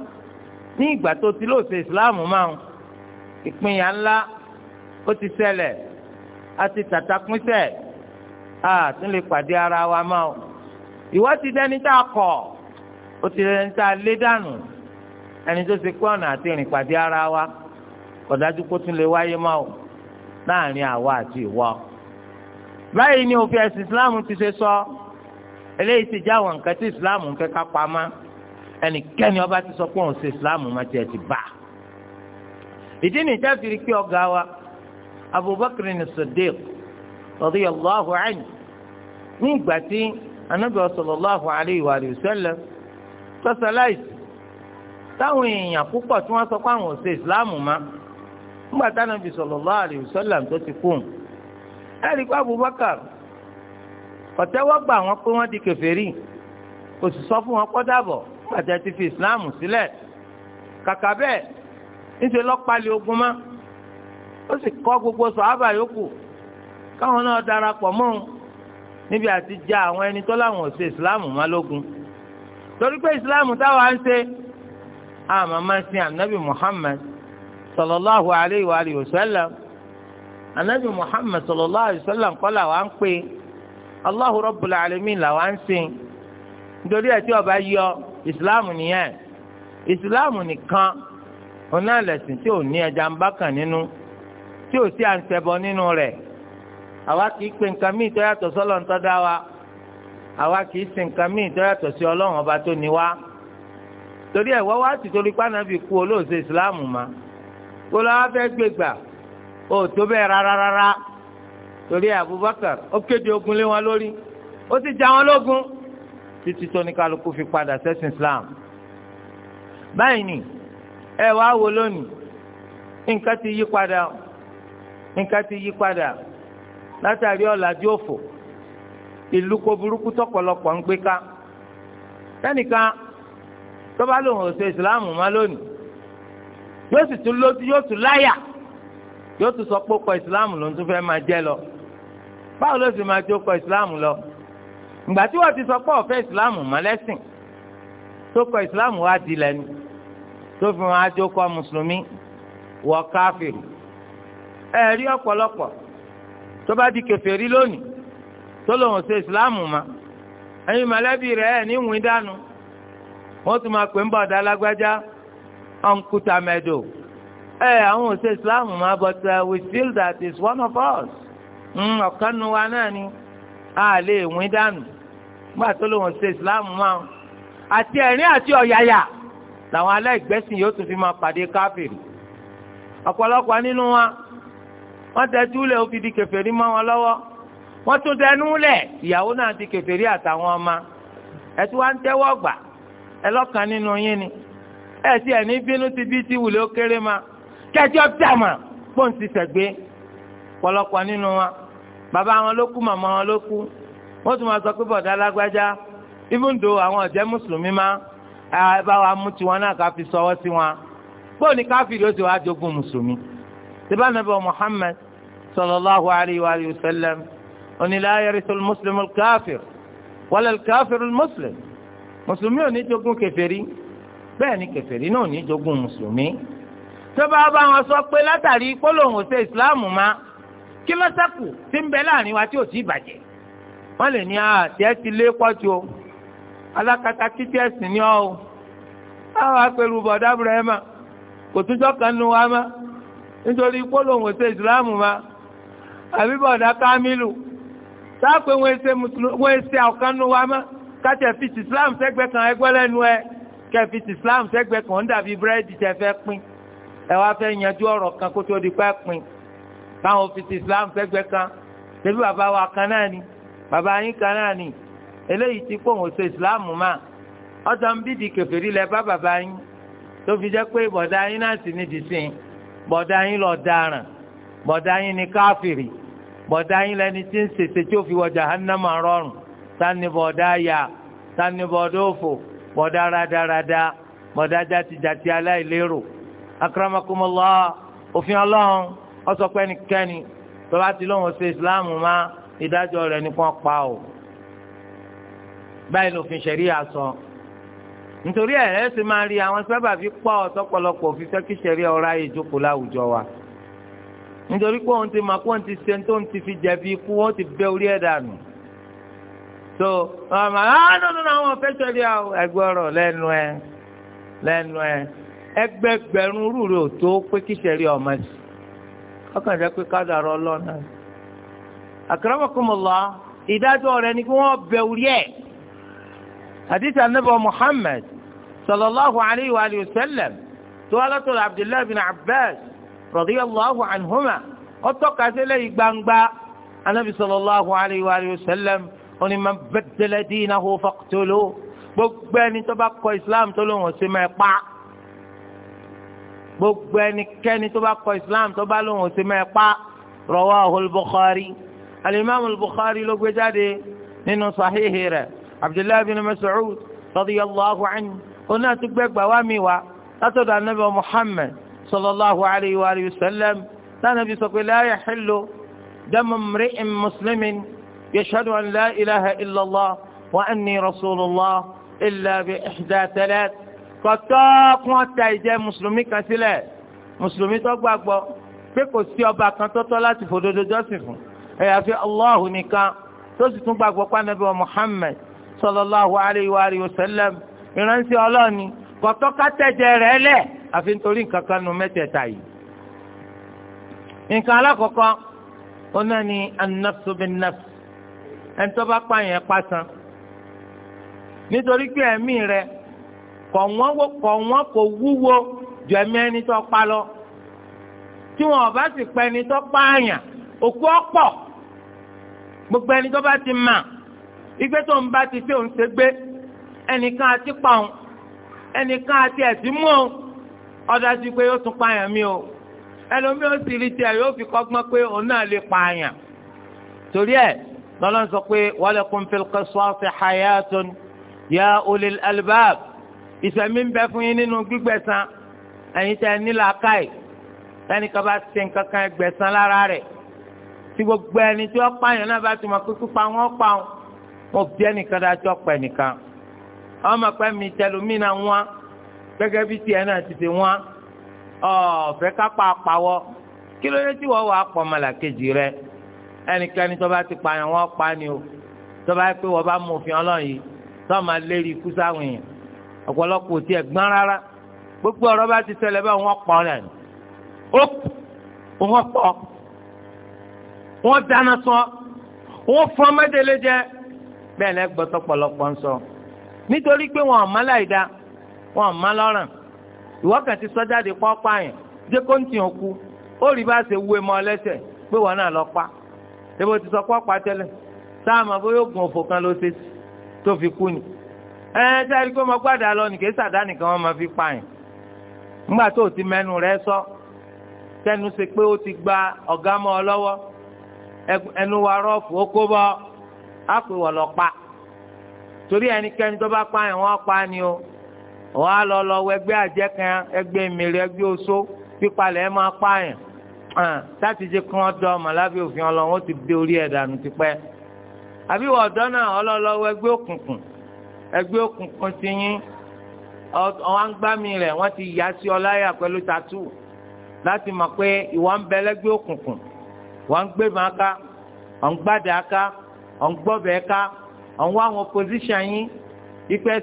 ní ìgbà tó ti lóòsè ìsìláàmù máa ń ìpínyà ńlá ó ti ṣẹlẹ̀ àti tàtàkùnsẹ̀ àtún lè pàdé ara wa máa ìwọ ti dẹni tá a kọ̀ ó ti dẹni tá a lé dànù ẹni tó ti kú ọ̀nà àti ìrìn pàdé ara wa kọ̀dájú kó tún lè wáyé máa láàrin àwa àti ìwọ. báyìí ni òfin ẹ̀sìn islam ti ṣe sọ eléyìí ti já àwọn nǹkan tí islam ń fẹ́ ká pamọ́ ẹnikẹ́ni ọba ti sọ pé òun ṣe islam má tiẹ̀ ti bá ìdí ni ìjà fi rí wa abubakar ni sadiq radiyallahu anhu ní ìgbà tí anabi sallallahu alayhi wa sallam sọ́sọ́láìsì táwọn èèyàn púpọ̀ tí wọ́n sọ pé àwọn ò ṣe islam má ńgbà tánabi sallallahu alayhi wa sallam tó ti kú ẹ̀rí pé Abubakar ọ̀tẹ́wọ́ gbà pé wọ́n di kèfèrí kò sì sọ fún wọn kó dàbọ̀ ti fi ìsìláàmù sílẹ̀ kàkà bẹ́ẹ̀ níṣẹ́ lọ́pàlẹ̀ ogun mọ́ ó sì kọ́ gbogbo sọ̀hábà yòókù káwọn náà darapọ̀ mọ́ òun níbi ja àwọn ẹni tó láwọn ò islam má lógun torí pé ìsìláàmù táwa ń ṣe àmọ́ máa ń sin Muhammad sallallahu alayhi wa anabi Muhammad sallallahu alayhi wa sallam kọ́ làwa ń pè allahu rabbul alamin làwa ń sìn nítorí ẹ̀ tí ọba yọ ìsìláàmù nìyẹn ìsìláàmù nìkan ọ̀nà ẹlẹ́sìn tí ò ní ẹja ń bá kàn nínú tí ò sí à nínú rẹ̀ àwa kì í pe nǹkan míì tó sọ́lọ́ ń tọ́da wa àwa kì í sin nǹkan míì tó ọba tó ní wa torí ẹ̀ wọ́n wá ti torí pé kú olóòṣè ìsìláàmù ma kó lọ́wọ́ fẹ́ gbégbà O tó bẹ́ẹ̀ rárá torí Abubakar ó kéde ogun lé wọn lórí ó sì já wọn lógun títí tó ní kálukú fi padà sẹ́sìn Islam báyìí ni ẹ wá wo lónìí nǹkan ti yí padà nǹkan ti yí padà látàrí ọ̀làjú òfò ìlú kò burúkú tọ̀pọ̀lọpọ̀ ń gbé ká sẹ́nìkan tó bá lòun ò ṣe yóò tún sọ pé ó kọ ìsìláàmù ló ń tún fẹ́ máa jẹ́ lọ báwo ló sì máa kọ ìsìláàmù lọ ìgbà tí wọ́n ti sọ pé ọ̀fẹ́ ìsìláàmù mọ́lẹ́sìn tó kọ ìsìláàmù wá di lẹ́nu tó fi wọn ajó kọ mùsùlùmí wọ káfíìrì ẹ̀rí ọ̀pọ̀lọpọ̀ tó bá di kèfèrí lónìí tó lòun ṣe ìsìláàmù ma ẹ̀yin mọ̀lẹ́bí rẹ̀ ẹ̀ ní ìwìn wọ́n tún máa pè ń bọ̀ ẹ eh, àwọn ò islam ma but uh, we feel that it's one of us hmm, ọ̀kan nu a lè wín dànù nígbà tó ma àti ẹ̀rín àti ọ̀yàyà làwọn aláìgbẹ́sìn yóò tún fi máa pàdé ọ̀pọ̀lọpọ̀ nínú wa wọ́n tẹ́tí ulẹ̀ ó di mọ́ wọn lọ́wọ́ wọ́n tún ulẹ̀ ìyàwó náà àtàwọn ọmọ ń tẹ́wọ́ gbà ẹlọ́kan nínú ni ẹ̀ ẹ̀ ní bínú ti bí kẹjọ dàmà pọ́ǹsì sẹ̀gbé pọ̀lọpọ̀ nínú wa bàbá wọn ló kú màmá wọn ló kú wọ́n tún máa sọ pé bọ̀dá lágbájá even though àwọn ọ̀jẹ́ mùsùlùmí má bá wa mú tiwọn náà ká fi sọwọ́ sí wọn bóun ni káfíìrì ó ti wá jogún mùsùlùmí síbá nàbẹ Muhammad sallallahu alayhi wa sallam ó ní la yarithu al-muslimu al-kafir wala al-kafiru al-muslim mùsùlùmí ò ní jogún kèfèrí bẹ́ẹ̀ ni kèfèrí náà ò ní jogún mùsùlùmí tó bá bá wọn sọ pé látàrí pólòhùn ṣe ìsìláàmù má kí ló ṣẹ́kù tí ń bẹ láàrin wa tí ò tí ì bàjẹ́ wọ́n lè ní àtẹ́ ti lé pọ́jù o alákatá títí ẹ̀sìn ni ọ́ o àwọn apẹ̀lú bọ̀dá Ibrahima kò túnjọ́ kan nu wa má nítorí pólòhùn ṣe ìsìláàmù má àbí bọ̀dá Kamilu sáàpé wọ́n ṣe wọ́n ṣe ọ̀kan nu wa má kátẹ́ fi Islam sẹ́gbẹ́ kan ẹgbẹ́ lẹ́nu ẹ kẹ́ Islam sẹ́gbẹ́ kan ń dàbí búrẹ́dì tẹ́ pín. ẹ wá fẹ́ yanjú ọ̀rọ̀ kan kó tó di pẹ́ pin káwọn ọ́fíìsì islam fẹ́gbẹ́ kan tẹ̀bí bàbá wa kan náà ni bàbá yín kan náà ni eléyìí ti pòun islam mà ọ̀tọ̀ ń bídìí kẹfẹ́rí lẹ bá bàbá yín tó fi jẹ́ pé bọ̀dá yín náà sì ní dìsín bọ̀dá yín lọ bọ̀dá yín ni káfìrì bọ̀dá yín lẹni tí ń ṣèṣe tí ó fi wọ jahannama rọrùn bọ̀dá yà tani bọ̀dá òfò bọ̀dá radarada bọ̀dá aláìlérò. akramakumullah òfin Ọlọ́run ó sọ pé ẹnikẹ́ni tó bá ti lóun ṣe islam má ìdájọ́ rẹ̀ nìkan pa o báyìí lòfin ṣẹ̀ríà sọ nítorí ẹ̀ ẹ́ sì máa rí àwọn sábà fi pọ̀ ọ̀tọ́pọ̀lọpọ̀ fi fẹ́ kí ṣẹ̀ríà ọ̀rá yìí jókòó láwùjọ wa nítorí pé òun ti mà kó òun ti ṣe tó ń ti fi jẹ̀bi ikú wọ́n ti bẹ́ orí ẹ̀ dànù so ọmọ ah, àwọn ọ̀nà àwọn ọ̀fẹ́ ṣẹ̀ríà ẹgbẹ́ ọ̀rọ̀ lẹ́nu ẹ lẹ́nu ẹ ẹgbẹgbẹ̀rún rúurú ò tó pé kíṣẹ̀rí ọmọ sí ọkàn jẹ́ pé kádàrá ọlọ́nà àkàràmọ̀kọ́mọ̀lá ìdájọ́ rẹ̀ ni kí wọ́n bẹ orí ẹ̀ àdìsí anábọ̀ Muhammad sallallahu alayhi wa sallam tó wá látọ̀rọ̀ Abdullahi bin Abbas radiyallahu anhuma ó tọ́ka sílẹ̀ gbangba anábì sallallahu alayhi wa sallam ó ní man baddala dinahu faqtuluhu gbogbo ẹni tó bá kọ Islam tó lóun ò sí mẹ́ẹ̀ pa gbogbo ẹnikẹ́ni tó bá kọ islam tó bá lóun ọ̀sẹ̀ mẹ́ẹ̀ pa rawahu al-bukhari alimami al-bukhari ló gbé jáde nínú sahihi rẹ̀ abdullahi bin mas'ud radiyallahu anhu oní àti gbẹgbà wá wá látọ̀dọ̀ anabi muhammad sallallahu alayhi wa sallam tánàbí sọ pé la yahillu damu mri'in muslimin yashhadu an la ilaha illallah wa anni rasulullah illa bi ihda thalath kọ̀tọ́ kí wọ́n ta ìjẹ́ mùsùlùmí kan sílẹ̀ mùsùlùmí tó gbàgbọ́ pé kò sí ọba kan tọ́tọ́ láti fòdodo jọ́sìn fún àyàfi Allahu nìkan tó sì tún gbàgbọ́ pànàbí wa Muhammad sallallahu alayhi wa alihi wa sallam ìránṣẹ́ ọlọ́ọ̀ni kọ̀tọ́ ká tẹ̀jẹ̀ rẹ̀ lẹ̀ àfi nítorí nǹkan kan nu mẹ́tẹ̀ẹ̀ta yìí. nǹkan alákọ̀ọ́kọ́ ọ̀nà ni an-nafsu bin-nafs ẹni tó bá pààyàn pa san nítorí pé ẹ̀mí rẹ̀ kọ̀ wọ́n kọ̀ wọ́n kò wúwo ju ẹ̀mí ẹni tó pa lọ tí wọn ọba sì pa ẹni tó pààyàn òkú ọ̀pọ̀ gbogbo ẹni tó bá ti mà igbe tó ń bá ti fi òun ṣe gbé ẹnìkan àti pa òun ẹnìkan àti ẹ̀sìn mú òun ọ̀dà sí pé yóò tún pààyàn mi o ẹlòmíì ó sì rí tiẹ̀ yóò fi kọ́gbọ́n pé òun náà lè pààyàn torí ẹ̀ lọ́lọ́n sọ pé walakum fil qisasi hayatun ya ulil albab ìsẹ̀mí ń bẹ fún yín nínú gbígbẹ̀san ẹ̀yin tẹ́ ní làákàyè tẹ́nìkan bá ṣe nǹkan kan ẹgbẹ̀san lára rẹ̀ tí gbogbo ẹni tí wọ́n pààyàn náà bá ti mọ̀ pé pípa wọn pa wọn wọn bí ẹnìkan dájọ́ pẹ̀ nìkan àwọn ọmọ pẹ́ mi tẹlómìnà wọn gẹ́gẹ́ bí tiẹ̀ náà ti fi wọn ọ̀fẹ́ kápá àpawọ́ kí ló dé tí wọ́n wà á pọ̀ ọmọlàkejì rẹ ẹnikẹ́ni tó bá ti pààyàn wọn pa ni o tó bá yẹ pé wọ́n bá mú òfin ọlọ́run yìí tó máa lérí ikú sáwọn èèyàn ọ̀pọ̀lọpọ̀ tí ẹ̀ gbọ́n rárá gbogbo ọ̀rọ̀ bá ti ṣẹlẹ̀ báwọn wọ́n pọ̀ rẹ̀ wọ́n pọ̀ wọ́n dáná sọ wọ́n fọ́n mẹ́tẹ́lẹ́ jẹ bẹ́ẹ̀ lẹ́ gbọ́tọ̀ pọ̀lọpọ̀ ń sọ nítorí pé wọn ò má láìda wọn ò má lọ́ràn ìwọ́kàn ti sọ́jáde pọ́pá yẹn jẹ́ kó ń tì ó kú ó rí bá ṣe wúwe mọ́ lẹ́sẹ̀ pé wọn náà lọ pa ṣé bó ti sọ pọ́pá tẹ́lẹ̀ sáà mà bóyá oògùn òfò kan ló ṣe tó fi kú ni. ẹ sẹ́ẹ̀rí pé mọ gbàdá lọ nìké sàdá nìkan ọ máa fi pààyàn ńgbà tó o ti mẹ́nu rẹ sọ tẹnu ṣe pé o ti gba ọ̀gá mọ́ ọ lọ́wọ́ ẹnu wa rọ́ọ̀fù ó kó bọ́ á pè lọ pa torí ẹnikẹ́ni tó bá pààyàn wọ́n pa ni o wọ́n á lọ lọ wọ ẹgbẹ́ ẹgbẹ́ mèrè ẹgbẹ́ oṣó pípalẹ̀ ẹ máa pààyàn láti ti dé orí tipẹ́ àbí wọ́n ọlọ́lọ́wọ́ ẹgbẹ́ ẹgbẹ́ òkùnkùn ti yín ọ̀wọ́n gbámi rẹ̀ wọ́n ti yà sí ọ láyà pẹ̀lú tatu láti mọ̀ pé ìwà ń bẹ lẹ́gbẹ́ òkùnkùn wọ́n ń gbé màá ká wọ́n ń gbàdá ká wọ́n ń gbọ́bẹ̀ ká wọ́n ń wá àwọn pòsíṣàn yín ìpẹ́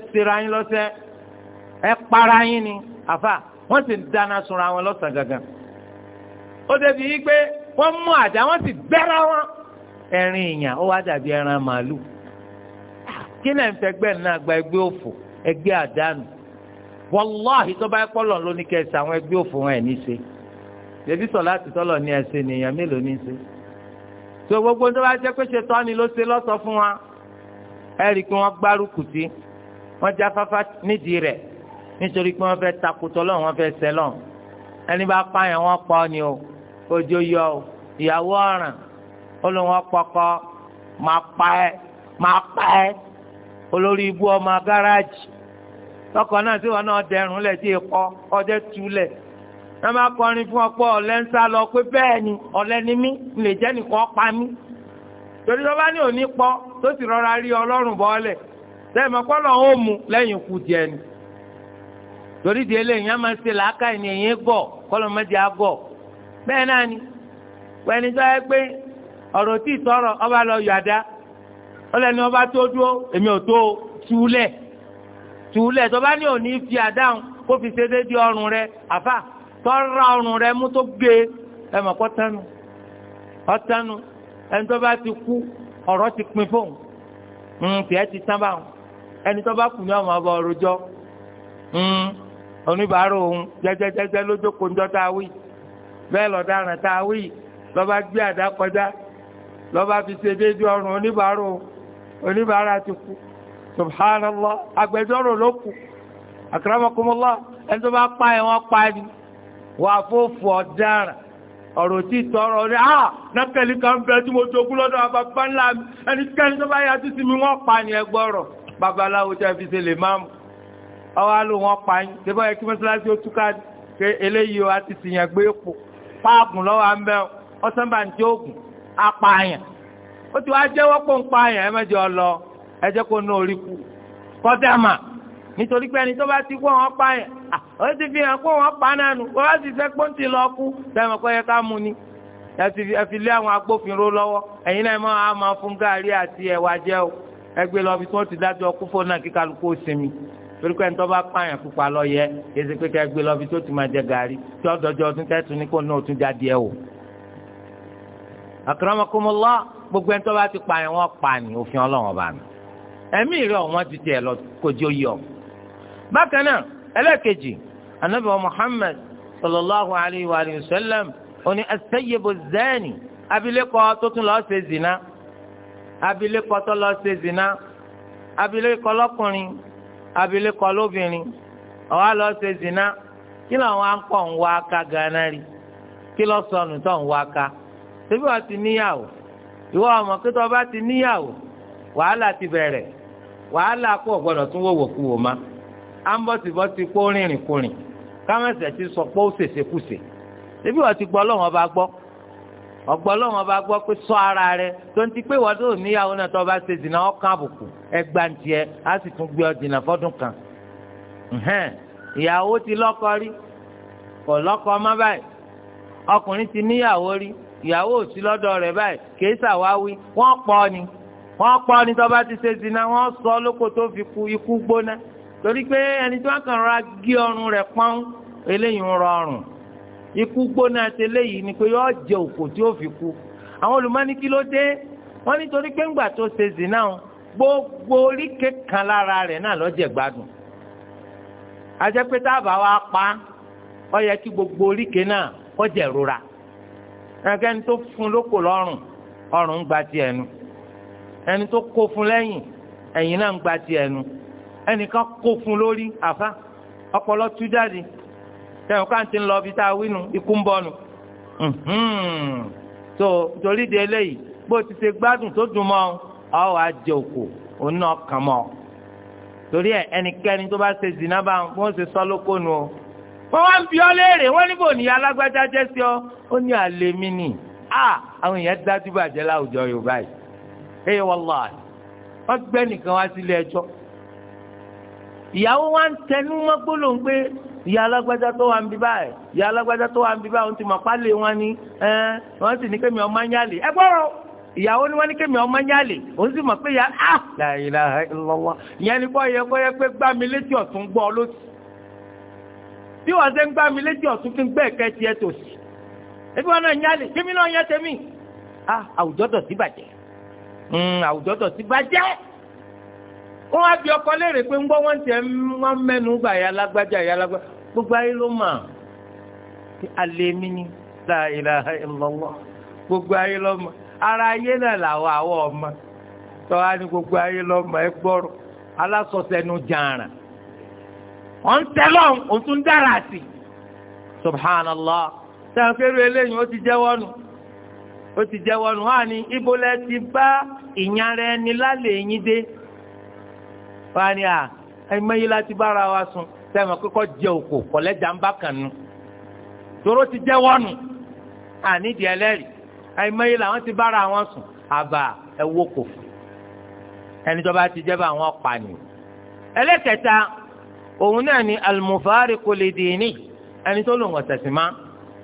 yín ni àfà wọ́n sì ń dáná sunra wọn lọ́sàn gangan wọn ẹ̀rín ìyàn ó wá dàbí ẹran kí lẹ́yìn fẹgbẹ́ náà gba ẹgbẹ́ òfò ẹgbẹ́ àdánù wọláhì tó bá yẹ kọ́ lọ ló kẹsì àwọn ẹgbẹ́ òfò wọn ẹ̀ ní ṣe bẹbí sọ láti tọ́lọ̀ ní ẹsẹ̀ nìyẹn mélòó ní ṣe tó gbogbo tó bá jẹ́ pé ṣe tọ́ ni ló ṣe lọ́sọ fún wa ẹ pé wọ́n gbárùkù sí wọ́n já fáfá nídìí rẹ̀ nítorí pé wọ́n fẹ́ takùtọ̀ lọ́wọ́ wọn pọ̀ ni o o ìyàwó ọ̀ràn ó lóun máa pa ẹ́ máa olórí ibú ọmọ gáràjì tọkọ náà tí wọn náà dẹrùn lẹ tí èkó ọdẹ kọrin fún ọpọ ọ̀lẹ ń sá lọ pé bẹ́ẹ̀ ni ni mí lè jẹ nìkan pa mí bọọlẹ sẹẹmọ ni torí di eléyìí á máa ṣe làákàyè ni èyí kọlọ mẹjẹ ni pé tí lọ yọ àdá ọlẹ́ni ọba tó dúró èmi ò tó túlẹ̀ túlẹ̀ tó bá ní òní fi àdáhùn kó fi ṣe déédéé ọrùn rẹ àfà tọ́ra ọrùn rẹ mú tó gbé e. ẹ mọ̀ kọ́ tánu ọtánu ẹni tó bá ti kú ọ̀rọ̀ ti pin fóun hmm, tiẹ̀ ti tán báwọn ẹni tó bá kù ní ọmọ ọba ọrọ̀jọ́ hmm, oníbàárò òun jẹ́jẹ́jẹ́jẹ́ lójókòó ńjọ́ tá wí bẹ́ẹ̀ lọ́daràn tá wí lọ́ba gbé àdá kọjá lọ́ba fi ṣe déédéé ọrùn oníbàárò òun. oníbàárà ti kú subhanallah agbẹjọ́rò ló kù akramakumullah ẹni tó bá pa ẹ̀ wọ́n wà fófó ọ̀daràn ọ̀rọ̀ tí tọrọ rẹ̀ áà nákẹ́lì kan bẹ̀rẹ̀ tí mo jogún lọ́dọ̀ àbábá ńlá mi ẹni tó bá yá mi wọ́n pa ni babaláwo fi ṣe lè máa mú ọwọ́ pa yín yẹ kí mọ́ṣáláṣí ó túká eléyìí wa ti gbé pò ọ ń apààyàn ó ti wá jẹ́wọ́ pọ̀ ń pa àyàn ẹ mẹ́jọ lọ ẹ jẹ́ kó ná orí kú kọ́dà mà nítorí pé ẹni tó bá ti kó wọn pa àyàn ó ti fi hàn kó wọn pa náà nù kó wá sì fẹ́ pé ó ti lọ kú sẹ́mi kọ́ yẹ ká mú ni ẹ fi lé àwọn agbófinró lọ́wọ́ ẹ̀yin náà máa máa fún gàrí àti ẹ̀wà jẹ́ o ẹgbẹ́ lọ́bi tí wọ́n ti dájọ́ kú fún náà kí kálukú ó sinmi torí pé ẹni tó bá pààyàn púpà lọ yẹ èsì pé kẹgbẹ́ lọ́bi tó ti máa jẹ gàrí tí ọ̀dọ́jọ́ ọdún tẹ́tù ní kò náà ó tún jáde ẹ̀ wò akramakumullah gbogbo ẹni tó bá ti pààyàn wọn pààyàn òfin ọlọ́run ọba mi ẹ̀mí rẹ̀ wọ́n ti tẹ̀ lọ kojú yọ. bákan náà ẹlẹ́kejì anabi muhammed sallallahu alayhi wa sallam oní asẹ́yẹ̀bù zẹ́ẹ̀nì abilékọ tó tún lọ́ọ́ ṣe zina abilékọ tó lọ́ọ́ ṣe zina abilékọ lọ́kùnrin abilékọ lóbìnrin ọ̀wá lọ́ọ́ ṣe zina kí làwọn akọ̀ ń wá ká gánà rí kí lọ́ọ́ sọnù tó ń wá ká ṣebí wàá ti níyàwó ìwọ ọmọ kí tó bá ti níyàwó wàhálà ti bẹ̀rẹ̀ wàhálà kò gbọdọ̀ tún wò wòkú wò má ambọ̀tìbọ̀ ti kó rìnrìn kùnrin kámẹ́sẹ̀ ti sọ pé ó ṣèṣe kùsè ṣebí wàá ti gbọ́ lọ́wọ́n bá gbọ́ ọgbọ́ lọ́wọ́n bá gbọ́ pé sọ ara rẹ tó ń ti pé wọ́n tó níyàwó náà tó bá ṣe dìnnà ọkàn àbùkù ẹgbàntìẹ á sì tún gbé ọ dìnnà fọ́dún kan ìyàwó ti lọ́kọ rí kò lọ́kọ má báyìí ọkùnrin ti níyàwó rí ìyàwó ò sí lọ́dọ̀ rẹ̀ báyìí kìí ṣàwáwí wọ́n pọ̀ ni wọ́n pọ̀ ni tó bá ti ṣe zina wọ́n sọ lóko tó fi ku ikú gbóná torí pé ẹni tí wọ́n kàn ra gé ọrùn rẹ̀ pọ́n eléyìí ń rọrùn ikú gbóná ti eléyìí ni pé yọ́ jẹ òkò tí ó fi ku àwọn olùmọ́ni ló dé wọ́n nítorí pé ńgbà tó ṣe zina o gbogbo oríkè kan lára rẹ̀ náà lọ́jẹ̀ gbádùn ajẹ́pẹ́tà bá wa pa ó yẹ kí gbogbo oríkè náà kọjẹ̀ rora ẹnikẹ́ni tó fún lóko lọ́rùn ọrùn ń gba ti ẹnu ẹni tó kó fún lẹ́yìn ẹ̀yìn náà ń gba ti ẹnu ẹnìkan kó fún lórí àfa ọpọlọ tú jáde tẹ̀wọ́n ká ti ń lọ ibi tá a wí nu ikú ń bọ̀ nu tó torí de eléyìí bó ti ṣe gbádùn tó dùn mọ́ ọ wàá jẹ òkò òun náà kàn mọ́ torí ẹ ẹnikẹ́ni tó bá ṣe zina bá wọn ṣe sọ lóko nu o. wọ́n wá ń bi ọ́ léèrè wọ́n níbo ní alágbájá jẹ́ sí ọ ó ní àlè mi nì á àwọn èèyàn dájú bàjẹ́ láwùjọ yorùbá yìí ẹ̀yẹ wallahi wọ́n gbé nìkan wá sílé ẹjọ́ ìyàwó wa ń tẹnu mọ́ gbólóhùn pé ìyá alágbájá tó wà ń báyìí ìyá alágbájá tó wà ń báyìí wọ́n ti mọ̀ pálẹ̀ wọn ni wọ́n sì ní kémi ọmọ nyálè ẹ gbọ́rọ̀ ìyàwó ni wọ́n ní kémi ọmọ nyálè òun sì mọ̀ pé ah, bí wọ́n ṣe ń gbá mi létí ọ̀tún kí n gbẹ́ ẹ̀kẹ́ tiẹ̀ tòsí ebi wọn náà ń yálè kémi náà ń ah àwùjọ ti bàjẹ́ hmm, àwùjọ dọ̀tí bàjẹ́ wọn á bí ọkọ léèrè pé ń wọ́n tiẹ̀ mẹ́nu gbogbo ayé ló mà alẹ́ mi gbogbo ayé ara ayé náà tọ́ gbogbo ayé ló mà Wọ́n tẹ́lọ̀ òtún dára sí subhanallah sàkérò eléyìí ó ti jẹ́wọ́ nù ó ti jẹ́wọ́ nù wá ní ibo ti bá ìyanra ẹni lálẹ́ yín dé wá ní à ẹ̀mẹ́yìí láti bára wa sùn sẹ́mi kọ́kọ́ jẹ òkò kọ́lẹ́jà ń bá kàn nù tòró ti jẹ́wọ́ nù ànídìí ẹlẹ́rìí àìmọye làwọn ti bára wọn sùn àbà ẹwọ́ kò fún ẹni tó ti jẹ́ bá wọn pa ni. ẹlẹ́kẹta òun náà ni al-mufariqu li dini ẹni tó lòun ọ̀sẹ̀ sí ma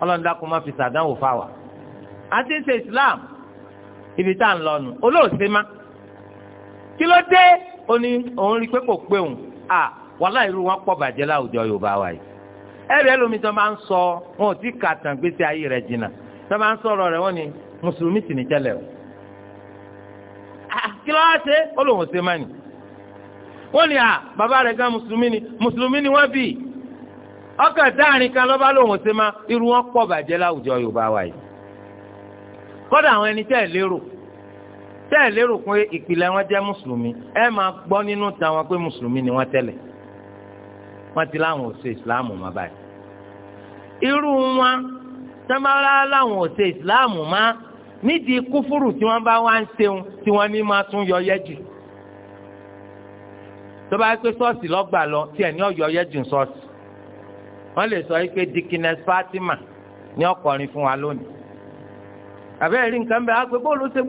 ọlọ́run má fi sàdánwò fáwa àti ṣe islam ibi tá à ń lọ nù olóòsè má kí ló dé ó ní òun rí i pé kò pé òun à wàhálà irú wọn pọ̀ bàjẹ́ láwùjọ yorùbá wa yìí ẹ̀rọ ẹlòmíì máa ń sọ wọn ò tí kà tàn gbèsè ayé rẹ̀ jìnnà tó máa ń sọ̀rọ̀ rẹ̀ wọ́n ni mùsùlùmí sì ní tẹ́lẹ̀ o kí ló wá ṣe ó má nìyí wọ́n ní à bàbá rẹ̀ gan mùsùlùmí ni mùsùlùmí ni wọ́n bì í ọkàn dáàrin kan lọ́ba lòun ṣe máa irú wọn pọ̀ bàjẹ́ láwùjọ Yorùbá wa yìí kọ́dà àwọn ẹni tẹ́ ẹ̀ lérò tẹ́ ẹ̀ lérò pé ìpìlẹ̀ wọn jẹ́ mùsùlùmí ẹ máa gbọ́ nínú ta wọn pé mùsùlùmí ni wọ́n tẹ́lẹ̀ wọ́n ti láwọn ò ṣe ìsìláàmù mọ́ báyìí irú wọn sábàlá láwọn ò ṣe ìsìláàmù mọ́ nídìí kúfúrù tí wọ́n bá wá ń ṣeun tí wọ́n ní máa tún yọ yẹ́jù. tó bá pé ṣọ́ọ̀ṣì lọ́gbà lọ tí ẹ̀ ní ọ̀yọ́ yẹ jù ṣọ́ọ̀ṣì wọ́n lè sọ pé dikines Fatima ní ọkọrin fún wa lónìí àbẹ́ rí nǹkan bẹ́ẹ̀ àgbẹ̀ bóòlù ṣe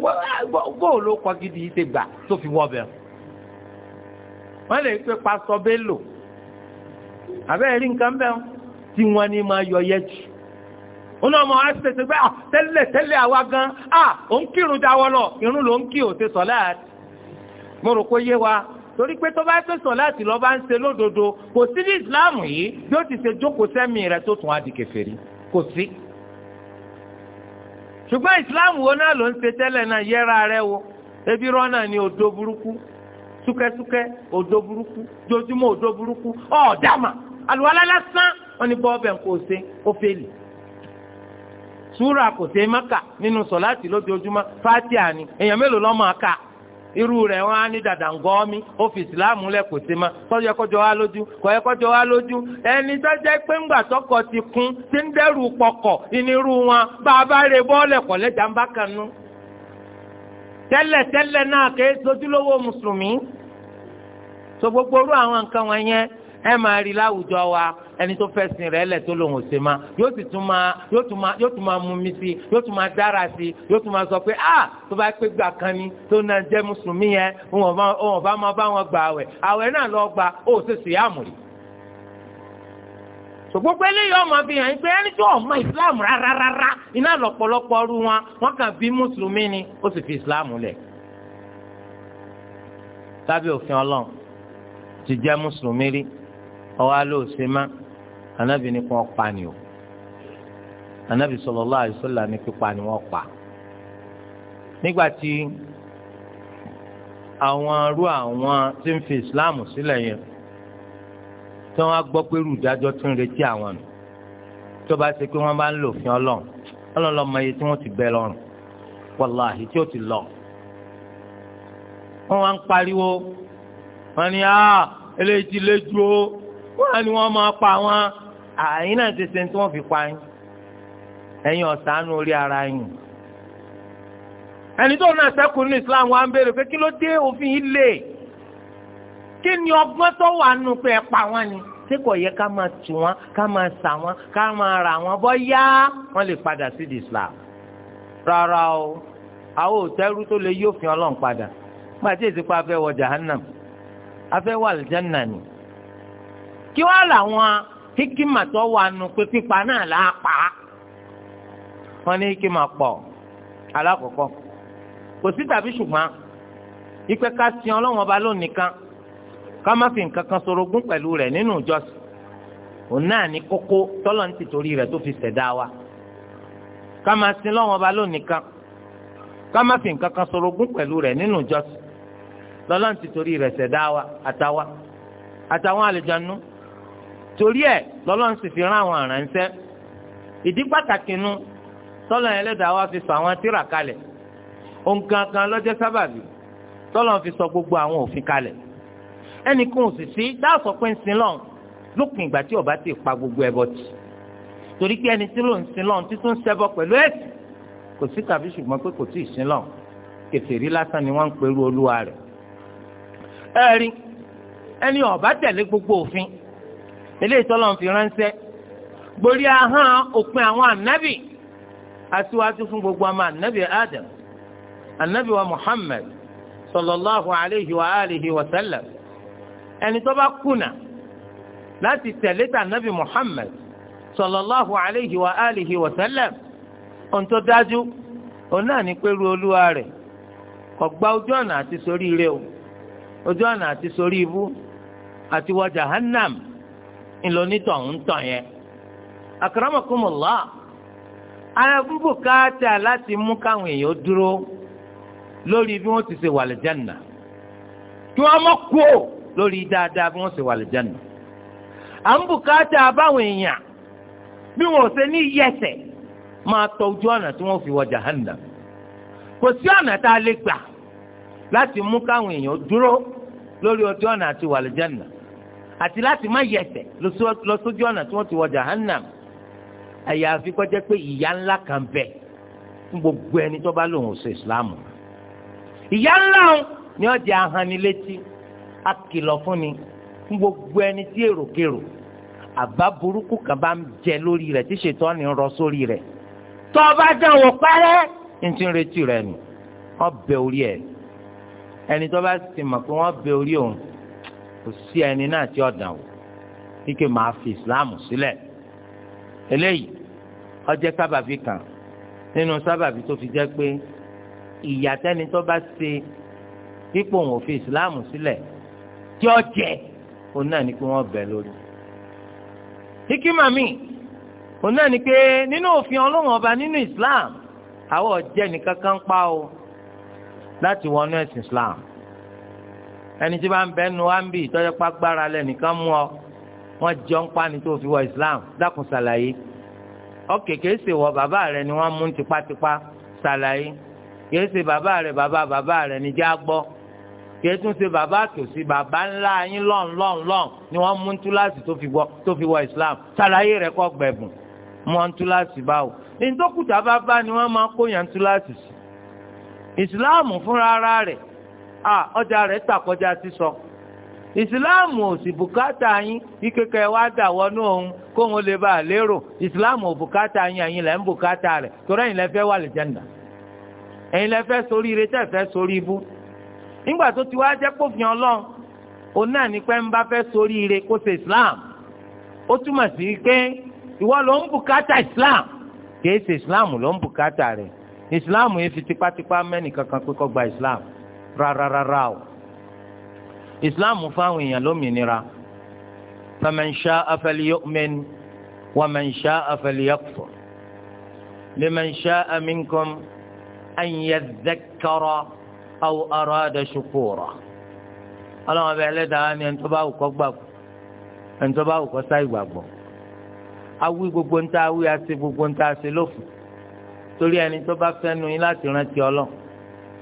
bóòlù kọ́ gidi yìí ṣe gbà tó fi wọ́ bẹ́ẹ̀ wọ́n lè pé pásítọ̀ Bello àbẹ́ rí nǹkan bẹ́ẹ̀ tí wọ́n ní máa yọ yẹ jù wọn náà mọ àṣìṣe pé ah, tẹ́lẹ̀ tẹ́lẹ̀ àwa gan-an ah, òun kírun dáwọ́ lọ irun ló ń kí òṣèṣọ́ láàrin mo rò pé yé wa torí pé tó bá pèsè láti lọ bá ń ṣe lódodo kò sí ní ìsìláàmù yìí yóò ti ṣe jókòó sẹ́mi rẹ̀ tó tún á di kèfèrí kò sí. ṣùgbọ́n ìsìláàmù wo náà ló ń ṣe tẹ́lẹ̀ náà yẹra rẹ wo ebi rọ́nà ni odó burúkú súkẹ́súkẹ́ odó burúkú jojúmọ́ odó burúkú ọ̀ọ́dàmà àlùwalá lásán wọn ni bọ́ọ̀bẹ̀ kò ṣe ó fẹ́lì súrà kò ṣe é mọ́kà nínú sọ̀láàtì lójoojúmọ́ fátíà ni èèyàn mélòó lọ́mọ àká irú rẹ̀ wọ́n á ní dàdà ngọ́ọ́mí ó fi ìsìláàmù lẹ̀ kò ma kọ́yọ́ kọ́jọ́ wa lójú wa lójú ẹni tó jẹ́ pé ti kún ti ń dẹ́rù pọkọ̀ ìnirú wọn bá a bá kanú. so gbogbo orú àwọn nǹkan wọn yẹn ẹ máa rí láwùjọ wa ẹni tó fẹsìn rẹ̀ lẹ tó lòun ò ṣe ma yóò sì tún máa yóò tún máa yóò tún máa mú mi sí yóò tún máa dára sí yóò tún máa sọ pé ah tó bá pé gbà kan ni tó náà jẹ́ mùsùlùmí yẹn òun bá máa bá wọn gbà àwẹ̀ àwẹ̀ náà lọ gbà ó sì sì yàmù rí. gbogbo eléyìí ọmọ fi hàn pé ẹni tí wọn mọ ìsìláàmù iná lọ́pọ̀lọpọ̀ ọrú wọn wọn kàn fi mùsùlùmí ni ó sì fi ìsìláàmù lẹ̀ sábẹ́ òfin Ọlọ́run ti jẹ́ mùsùlùmí rí ọwọ́ alóòsè má anábì ní kí wọ́n pa ni o anábì sallallahu alaihi wasallam ní pípa ni wọ́n pa nígbà tí àwọn arú àwọn tí ń fi Islam sílẹ̀ yẹn tí wọ́n á gbọ́ pé rúdájọ́ tún retí àwọn nù tó bá ṣe pé wọ́n bá ń lò fún ọlọ́run ọlọ́run lọ́mọ iye tí wọ́n ti bẹ lọ́rùn wàláhì tí ó ti lọ. wọ́n wá ń pariwo wọ́n ní ah, eléyìí ti lé ju wọ́n ní wọ́n máa pa wọn àyìn náà ti ṣe tí wọ́n fi pa yín ẹ̀yin ọ̀sánú orí ara yín ẹni tó náà sẹ́kù ní Islam wa ń béèrè pé kí ló dé òfin yìí lè kí ni ọgbọ́n tó wà nù pé ẹ pa wọn ni ṣé kò yẹ ká máa tù wọn ká máa sà wọn ká máa rà wọn bọ́ yá wọ́n lè padà sí di Islam rárá o àwọn òtẹ́rú tó lè yí òfin Ọlọ́run padà gbàtí èsì pa afẹ́ Jahannam afẹ́ wà ni kí wàá làwọn hikima tó wà nù pé pípa náà là á pa á wọn ní hikima pọ̀ alákọ̀ọ́kọ́ kò sí tàbí ṣùgbọ́n ìpè ká sin ọlọ́wọ́n ọba lónìí kan ká má fi nǹkan kan sorogún pẹ̀lú rẹ̀ nínú ìjọsìn òun náà ní kókó tọ́lọ̀ ń tìtorí rẹ̀ tó fi ṣẹ̀dá wa ká má sin lọ́wọ́n ọba lónìí kan ká má fi nǹkan kan sorogún pẹ̀lú rẹ̀ nínú ìjọsìn lọ́lọ́ tìtorí rẹ̀ ṣẹ̀dá wa àtàwa àtàwọn àlejànú torí ẹ̀ lọ́lọ́run sì fi rán àwọn àránṣẹ́ ìdí pàtàkì nu tọ́lọ̀ yẹn lẹ́dàá wa fi sọ àwọn tírà kalẹ̀ òǹkankan lọ́jọ́ sábàbí tọ́lọ̀ fi sọ gbogbo àwọn òfin kalẹ̀ ẹnìkan ò sì sí dáàsọ pé ń sin lọ́n lópin ìgbà tí ọba ti pa gbogbo ẹbọ tì torí pé ẹni tí ló ń sin lọ́n títún ṣẹbọ pẹ̀lú ẹ̀sìn kò sí tàbí ṣùgbọ́n pé kò tí ì sin lọ́n kèfèrí lásán ni wọ́n ń perú olúwa rẹ̀ ẹ̀rí ẹni ọba tẹ̀lé gbogbo òfin ilé ìtọ́lọ̀ fi ránṣẹ́ gborí ahọ́n òpin àwọn ànábì aṣíwájú fún gbogbo ọmọ ànábì Adam ànábì wa Muhammad sallallahu alayhi wa alihi wa sallam ẹni tó bá kùnà láti tẹ̀lé tà ànábì Muhammad sallallahu alayhi wa alihi wa sallam ohun tó dájú òun náà ní pé olúwa rẹ̀ kò ojú ọ̀nà àti sórí ire o ojú ọ̀nà àti sórí ibú àti wọ jahannam. ńlọnítọ̀ ń tọ̀ yẹn akramakumullah alábùbùkátà láti mú káwọn èèyàn dúró lórí bí wọ́n ti ṣe wà lẹ́jẹ̀nà kí wọ́n mọ̀ kú ò lórí dáadáa bí wọ́n ṣe wà lẹ́jẹ̀nà à ń bùkátà báwọn èèyàn bí ṣe ní yẹsẹ̀ máa tọ ojú ọ̀nà tí wọ́n fi wọ kò sí ọ̀nà tá a lè gbà láti mú káwọn èèyàn dúró àti láti má yẹsẹ̀ lọ sójú ọ̀nà tí wọ́n ti wọ jahannam àyàfi kó jẹ́ pé ìyà ńlá kan bẹ fún gbogbo ẹni tó bá lòun ò ṣe ìsìláàmù ìyà ńlá ni ó di ahanilétí akìlọ̀ fúnni fún gbogbo ẹni tí èròkèrò àbá burúkú kan bá ń jẹ lórí rẹ̀ tí ṣètọ́ ni ń rọ sórí rẹ̀ tó o bá dán wò pẹ́rẹ́ ní ti ń retí rẹ̀ nù wọ́n bẹ orí ẹ̀ ẹni tó bá sì mọ̀ pé wọ́n bẹ orí òun kò sí ẹni náà tí ọ̀dàn wò kíkẹ́ máa fi islam sílẹ̀ eléyìí ó jẹ́ sábàbí kan nínú sábàbí tó fi jẹ́ pé ìyà tẹ́ni tó bá ṣe pípò òun fi islam sílẹ̀ tí ó jẹ́ òun náà ni pé wọ́n bẹ̀ lórí. hikima mi òun náà ni pé nínú òfin ọlọ́run ọba nínú islam àwọn ọ̀jẹ́ nìkan kan pa o láti wọnú ẹ̀sìn islam ẹni tí bá ń bẹnu wá ń bì tọ́jú pàgbára lẹ nìkan mú ọ wọ́n jọ ń pani tó fi wọ Islam dákun ṣàlàyé ọkè kìí ṣe wọ bàbá rẹ ni wọ́n mú tipátipá ṣàlàyé kìí ṣe bàbá rẹ bàbá bàbá rẹ níjà gbọ́ kìí tún ṣe bàbá tòsí bàbá ńlá yín lọ́n lọ́n lọ́n ni wọ́n mú túláàsì tó fi wọ Islam ṣàlàyé rẹ kọ́ gbẹ̀bùn mọ́ túláàsì báwò ní dókítà bá ni wọ́n máa kó yàn túláàsì sí Islam fúnra rẹ̀ a ọjà rẹ̀ tà sísọ ìsìláàmù ò bùkátà yín dà wọnú òun lè bá a lérò ìsìláàmù yín ń bùkátà rẹ̀ torí ire tẹ́ fẹ́ sórí ibú nígbà tó ti wá jẹ́ pófin Ọlọ́run òun náà ní pé ń bá fẹ́ sórí ire kó ṣe ìsìláàmù ó túmọ̀ sí pé ìwọ ló ń bùkátà ìsìláàmù kì í ṣe ìsìláàmù ló ń bùkátà rẹ̀ ìsìláàmù yìí fi tipátipá kankan pé rárárárá o islam fáwọn èèyàn lómìnira faman sha'a falyu'min wa man sha'a falyakfur liman sha'a minkum an yadhakkara aw arada ni ẹni tó bá wù kó sáì gbàgbọ́ awí gbogbo ń ta awí gbogbo ń ta lófin torí ẹni tó yín láti rántí ọlọ́run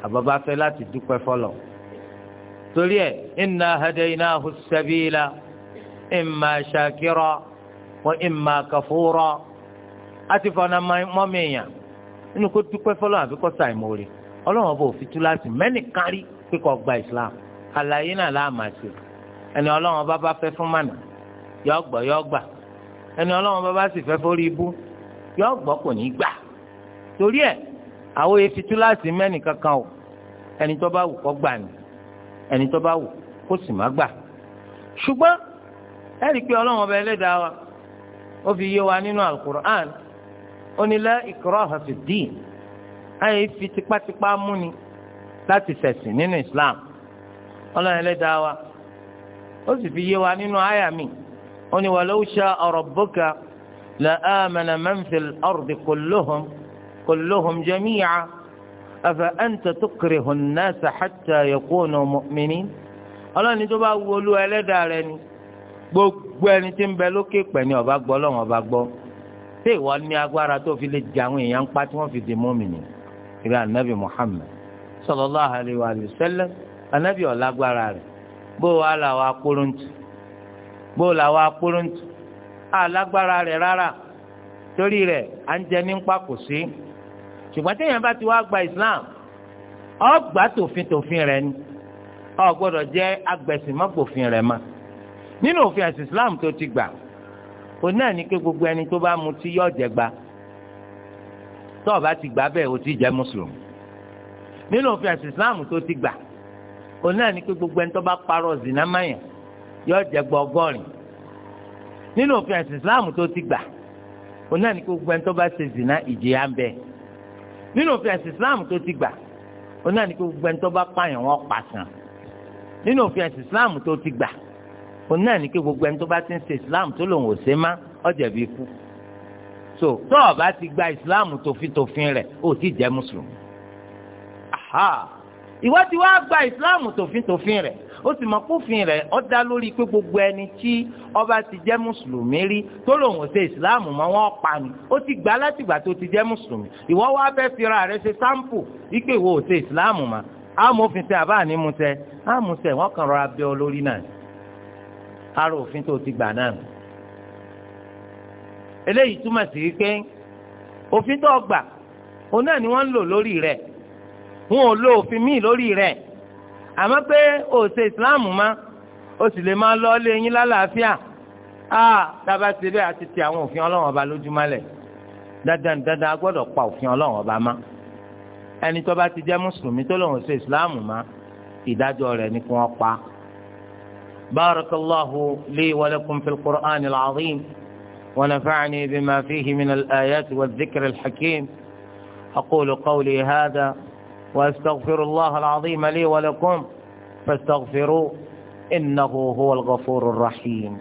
àbọ̀bá fẹ́ láti dúpẹ́ fọlọ̀ torí ẹ̀ inna hadaynahu as-sabila imma shakira wa imma kafura a ti fọnà mọ́mìyàn nínú kó dúpẹ́ fọlọ́ àbí kó sàìmọ́ọ́rẹ́ ọlọ́run bò fi túláàsì mẹ́nìkan rí pé gba islam àlàyé náà láàmà sí ẹni ọlọ́run bá bá fẹ́ fún mànà yọ gbọ́ yọ gbà ẹni ọlọ́run bá bá sì fẹ́ fórí àwọn efi túláàsì mẹ́ni kankan o ẹni tó bá wù kó gbà ní ẹni tó bá wù kó sì má gbà ṣùgbọ́n ẹ rí i pé ọlọ́run ọba ẹlẹ́dàá wa ó fi yé wa nínú alukur'an ó ní la ikraha fi ayé fi tipátipá múni láti fẹ̀sìn nínú islam ọlọ́run ẹlẹ́dàá wa ó sì fi yé wa nínú àyà mi ó ní walau sha'a rabbuka la amana man fil ardi كلهم جميعا أفأنت تكره الناس حتى يكونوا مؤمنين ọlọ́run ní tó bá wu gbogbo ẹni tí ń bẹ lókè ni ọba gbọ ọba ìwọ ní agbára tó fi lè àwọn èèyàn pa tí anabi Muhammad sallallahu alaihi anabi bó wa là wà kúrúntù bó là wà kúrúntù rárá torí à ń jẹ ní ṣùgbọ́n téèyàn bá ti wá gba islam ọgbà tòfin tòfin rẹ̀ ni ọ gbọ́dọ̀ jẹ́ agbẹ̀sìmọ́gbòfin rẹ̀ ma nínú òfin àti islam tó ti gbà ó náà ní pé gbogbo ẹni tó bá mutí yóò jẹ gba tó o bá ti gbà bẹ́ẹ̀ o ti jẹ́ mùsùlùmí nínú òfin àti islam tó ti gbà ó náà ní pé gbogbo ẹni tó bá parọ́ zina mayàn yóò jẹ gba ọgọ́rin nínú òfin àti islam tó ti gbà ó náà ní pé gbogbo ẹni tó bá ṣe zina ìjìyà ń bẹ́ẹ̀ nínú òfin ẹ̀sìn islam tó ti gbà ó náà ní kí gbogbo ẹni tó bá pààyàn wọn pa sàn nínú òfin ẹ̀sìn islam tó ti gbà ó náà ní kí gbogbo ẹni tó bá ti ń ṣe islam tó lòun ò ṣe má ọjà bíi kú so tó o bá ti gba islam tòfintòfin rẹ̀ ó ti jẹ́ mùsùlùmí aha ìwọ ti wá gba islam tòfintòfin rẹ̀ ó sì mọ kófin rẹ̀ ó dá lórí pé gbogbo ẹni tí ọba ti jẹ́ mùsùlùmí rí tó lòun ò ṣe ìsìláàmù mọ́ wọn pa ni ó ti gbà látìgbà tó ti jẹ́ mùsùlùmí ìwọ wá fẹ́ fira rẹ̀ ṣe sáǹpù wípé ìwọ ò ṣe ìsìláàmù mọ́ amòfin tẹ àbá ní mu tẹ àmù tẹ wọn kàn rọra bẹ ọ lórí náà ara òfin tó ti gbà náà eléyìí túmọ̀ sí wípé òfin tó gbà òun náà ni wọ́n ń lò lórí rẹ̀ wọn ò lo òfin míì lórí rẹ̀ àmọ́ pé o ṣe ìsìláàmù má o sì lè máa lọ ilé yín lálàáfíà á dábàá ti bẹ́ẹ̀ àti ti àwọn òfin ọlọ́run ọba lójúmọ́lẹ̀ dandan dandan a gbọ́dọ̀ pa òfin ọlọ́run ọba má ẹni tó bá ti jẹ́ mùsùlùmí tó lòun ṣe ìsìláàmù má ìdájọ́ rẹ̀ ni kí wọ́n pa. بارك الله لي ولكم في القرآن العظيم ونفعني بما فيه من الآيات والذكر الحكيم أقول قولي هذا وأستغفر الله العظيم لي ولكم فاستغفروه إنه هو الغفور الرحيم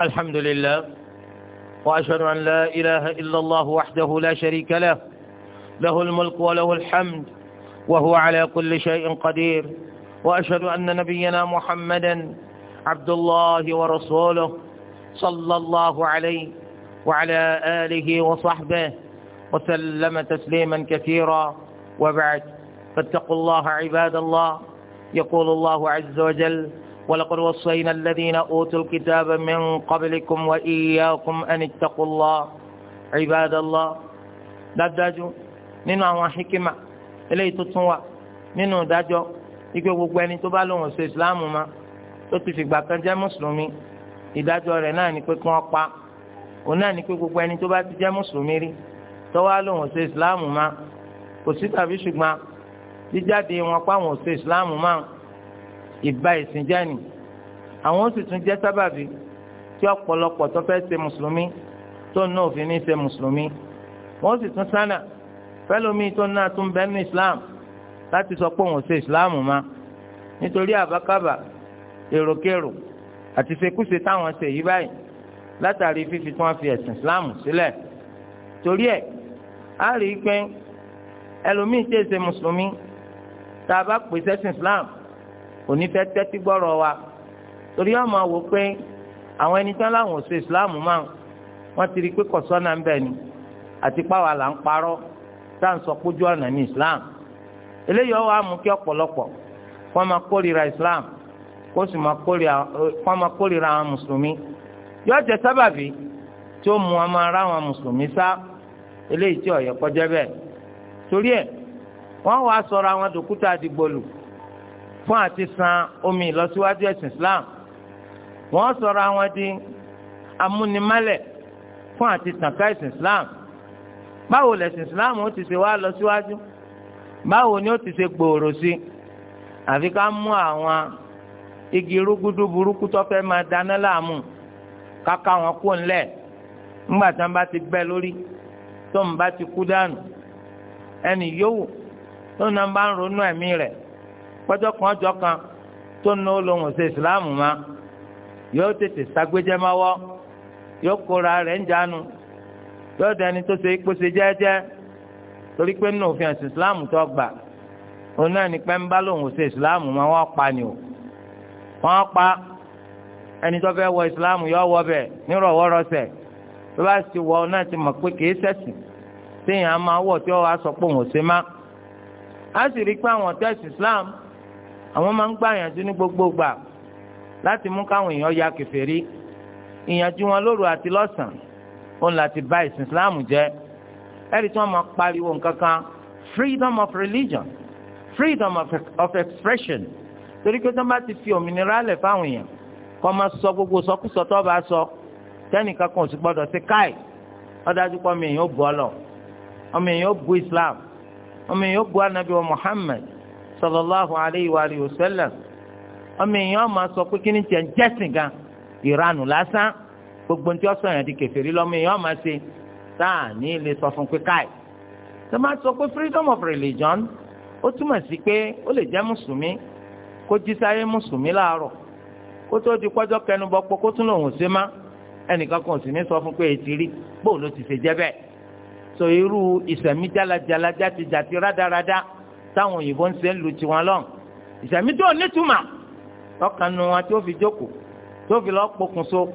الحمد لله وأشهد أن لا إله إلا الله وحده لا شريك له له الملك وله الحمد وهو على كل شيء قدير وأشهد أن نبينا محمدا عبد الله ورسوله صلى الله عليه وعلى آله وصحبه وسلم تسليما كثيرا وبعد فاتقوا الله عباد الله يقول الله عز وجل ولقد وصينا الذين أوتوا الكتاب من قبلكم وإياكم أن اتقوا الله عباد الله لا nínú àwọn حكمة إليه tó منه wà ikú gbogbo ẹni tó bá lóun ṣe islam ma tó ti fìgbà kan jẹ́ mùsùlùmí ìdájọ́ rẹ̀ náà ni pé kí wọ́n pa òun náà ni pé gbogbo ẹni tó bá ti jẹ́ mùsùlùmí rí tó wá lóun ṣe islam ma kò sí tàbí ṣùgbọ́n jíjáde wọn pa àwọn ṣe islam ma ìbá ìsìn jẹ́ ni àwọn ó sì tún jẹ́ sábàbí tí ọ̀pọ̀lọpọ̀ tó fẹ́ ṣe mùsùlùmí tó ń ná òfin ní ṣe mùsùlùmí wọ́n sì tún sánà fẹ́lómi tó ń ná àtúnbẹ́nu islam láti sọ pé òun ṣe ìsìláàmù ma nítorí àbákábà èròkèrò àti ṣekúṣe táwọn ṣe yí báyìí látàrí fífi tí wọ́n fi ẹ̀sìn ìsìláàmù sílẹ̀ torí ẹ̀ á rí i pé ẹlòmíì tí èsè mùsùlùmí tá a bá pè sẹ́sìn ìsìláàmù kò ní fẹ́ tẹ́tí gbọ́rọ̀ wa torí ọmọ wò pé àwọn ẹni tán láwọn ò ṣe ìsìláàmù máa wọ́n ti rí i pé kọ̀sọ́nà ń bẹ̀ ni àti pàwọn là ń parọ́ tá à ń sọ pójú ọ̀nà ní ìsìláàmù eléyìí ọwọ́ àmú kí ọ̀pọ̀lọpọ̀ kó máa kórìíra Islam kó sì máa kórìíra àwọn mùsùlùmí yóò jẹ sábàbí tí ó mú wọn máa rá àwọn mùsùlùmí sá eléyìí tí ó yẹ kó jẹ́ bẹ́ẹ̀ torí ẹ̀ wọ́n wàá sọ̀rọ̀ àwọn dòkúta àdìgbòlù fún àti san omi ìlọsíwájú ẹ̀sìn Islam wọ́n sọ̀rọ̀ àwọn di amúnimálẹ̀ fún àti tànká ẹ̀sìn Islam báwo lẹ̀sìn Islam ó ti ṣe wá lọ síwájú. Si báwo ni ó ti ṣe gbòòrò sí àfi ká mú àwọn igi rúgúdú burúkú tó fẹ́ máa dáná láàmú káká wọn kó ńlẹ̀ ńgbà tí ti bẹ́ lórí tó ń bá ti kú dànù ẹnì yòówù tó ń bá ń kan jọ kan tó ń náwó lòun ma yóò tètè sagbéjẹ́máwọ́ yóò kóra rẹ̀ ń jánu yóò dẹni tó ṣe ipò ṣe torí pé nínú òfin àti ìsìláàmù tó gbà òun náà ní pẹ́ńbá lòun ò ṣe ìsìláàmù mọ́ wọ́n pa ni o wọ́n pa ẹni tó fẹ́ wọ ìsìláàmù yọ wọ bẹ̀ nírọ̀wọ́rọ̀sẹ̀ tó bá sì wọ náà ti mọ̀ pé kìí ṣẹ̀sìn téèyàn á máa wọ̀ tí ó wá sọ pé òun ò ṣe má a sì rí pé àwọn tẹ́sì islam àwọn máa ń gbàyànjú ní gbogbo gbà láti mú káwọn èèyàn ya kèfèrí ìyànjú wọn lóru àti lọ́sàn-án òun láti bà ìsìn ẹ̀rí tí wọ́n máa pariwo freedom of religion freedom of, of expression torí pé tí bá ti fi òmìnira lẹ̀ fáwọn èèyàn kọ́ máa sọ gbogbo sọkúsọ tó bá sọ tẹ́nìkan kan ò sì gbọ́dọ̀ sí káì ọ̀dájú pé ọmọ èèyàn ó bu ọlọ ọmọ èèyàn ó bu Islam ọmọ èèyàn ó bu anabi wa Muhammad sallallahu alayhi wa wa sallam ọmọ èèyàn sọ pé kí ni tiẹ̀ gbogbo yẹn di lọ́mọ èèyàn táà ní lè sọ fún pé káì tó máa sọ pé freedom of religion ó túmọ̀ sí pé ó lè jẹ́ mùsùlùmí kó jí sáyé mùsùlùmí láàárọ̀ kó tó di pọ́jọ́ kẹnubọ pé kó tún lòun ṣe má ẹnìkan kan sì ní sọ fún pé ètí e rí bóun ló ti ṣe jẹ́ bẹ́ẹ̀ so irú ìsẹ̀mí jálajàla játijàti rádaràda táwọn òyìnbó ń ṣe ń lu tiwọn lọ́n ìsẹ̀mí tó nítumà ọkàn nu wọn tí ó fi jókòó tó fi lọ́ọ́ pokùnso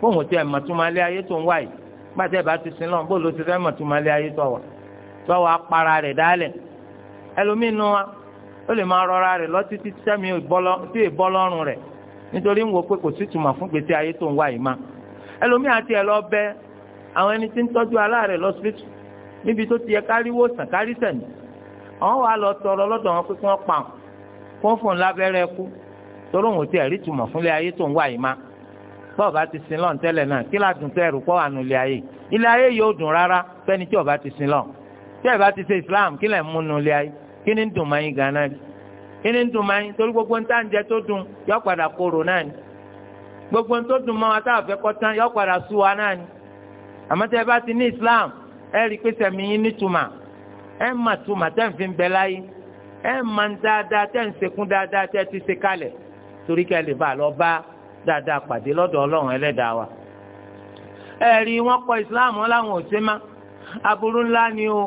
fóun ti ẹ̀ mọ̀túnmọ́ alẹ́ ayé tó ń wáyìí gbàtẹ́ ìbá ti sin lọ́n bóòlù ti fẹ́ mọ̀ tó máa lé ayé tọ̀wọ̀ tọ̀wọ̀ apara rẹ̀ dálẹ̀ ẹlòmínú wa ó lè máa rọra rẹ̀ lọ títí sẹ́mi tí èbọ́ lọ́rùn rẹ̀ nítorí ń wo pé kò sí tùmọ̀ fún gbèsè ayé tó ń wá yìí má ẹlòmí àti ẹ̀ lọ bẹ àwọn ẹni tí ń tọ́jú aláàrẹ̀ lọ́sibítù níbi tó ti yẹ káríwó sàn kárí sẹ̀mí àwọn wà lọ tọrọ lọ́dọ̀ wọn pé kí wọ́n pa wọn fún un kú torí òun ti ẹ̀rí tùmọ̀ fúnlé ayé tó ń wá yìí má bọ́ọ̀bá ti sin lọ́n tẹ́lẹ̀ náà kí láti tẹ́ ẹ̀rù pọ́ àánú ilé ayé ilé ayé yóò dùn rárá fẹ́ni tí ọba ti sin lọ́n tí ọba ti Islam kí lẹ̀ ń ilé ayé kí ni ń dùn gánà torí gbogbo ń tà ń tó dùn yọ gbogbo ń tó dùn mọ́ ata àfẹ́ yọ padà sú ẹ ti ní Islam ẹ rí pé sẹ̀mí yín nítumà ẹ ẹ dáadáa pàdé lọ́dọ̀ ọlọ́run ẹlẹ́dàá wa. ẹ̀rí wọn kọ ìsìláàmù láwọn òṣè má aburú ńlá ni o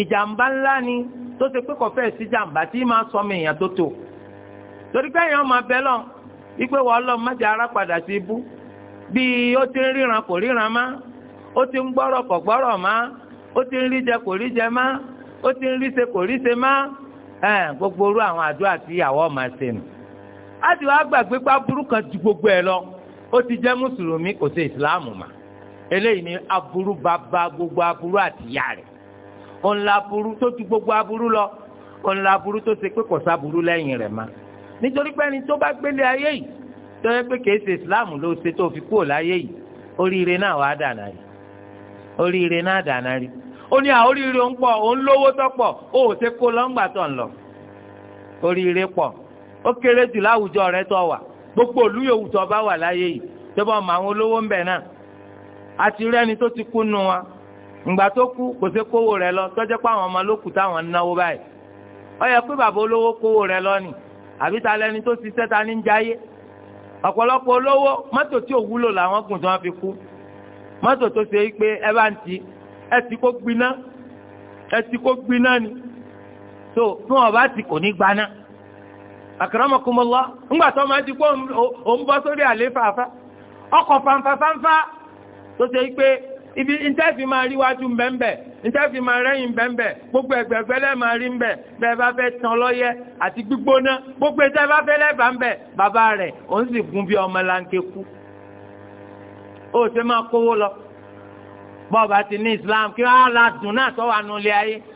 ìjàmbá ńlá ni tó ṣe pé kò fẹ́ẹ̀ sí jàmbá tí máa sọ mi èèyàn tó tò torí pé èèyàn máa bẹ́ lọ wípé wọ́n lọ mọ́jà ara padà sí ibú bí ó ti ń ríran kò ríran má ó ti ń gbọ́rọ̀ kò gbọ́rọ̀ má ó ti ń rí jẹ kò rí jẹ má ó ti ń rí ṣe kò rí ṣe má gbogbo orú àwọn àdúrà tí ìyàwó máa ṣe nù. á ti wá gbàgbé pa burú kan ju gbogbo ẹ lọ ó ti jẹ́ mùsùlùmí kò ṣe ìsìláàmù mà eléyìí ni aburú bàbá gbogbo aburú àtìyá rẹ̀ òun la aburú tó ju gbogbo aburú lọ òun aburú tó ṣe pé kò sáburú lẹ́yìn rẹ̀ ma nítorí pé ẹni tó bá gbélé ayé yìí tó yẹ pé kèé ṣe ìsìláàmù ló ṣe tó fi kúrò láyé yìí oríire náà wàá dànà rí oríire náà dànà rí ó ní àwọn ń pọ̀ òun lówó tọ́pọ̀ ó ò ṣe kó lọ́ngbà ń lọ oríire pọ̀ ó kéré jù láwùjọ rẹ tó wà gbogbo òlú yòówù tó bá wà láyé yìí tó bá mọ àwọn olówó ń bẹ náà àti rẹni tó ti kú nu wa ìgbà tó kú kò sí kówó rẹ lọ tọ́jú pé àwọn ọmọ ló kù táwọn ń náwó báyìí ó yẹ pé bàbá olówó kówó rẹ lọ ni àbí ta lẹni tó ṣiṣẹ́ ta ní ń jayé ọ̀pọ̀lọpọ̀ olówó mọ́tò tí ò wúlò làwọn gùn tí wọ́n fi kú mọ́tò tó ṣe pé ẹ bá ń ti ẹ ti kó gbiná ẹ ti kó gbiná ni tó fún ọba ti kò ní gbaná. àkàràmọ̀kùnmọ́lá ńgbà tó máa ti kó òun bọ́ sórí àléfàfà ọkọ̀ fanfàfanfà tó ṣe pé ibi ntẹ́ẹ̀fì máa rí wájú mbẹ́mbẹ́ ntẹ́ẹ̀fì máa rẹ́yìn mbẹ́mbẹ́ gbogbo ẹgbẹ̀gbẹ́ máa rí mbẹ́ bẹ́ẹ̀ bá fẹ́ tán lọ́yẹ àti gbígbóná gbogbo ẹ̀tẹ́ bá fẹ́ Islam kí wọ́n á la dùn náà tọ́wọ́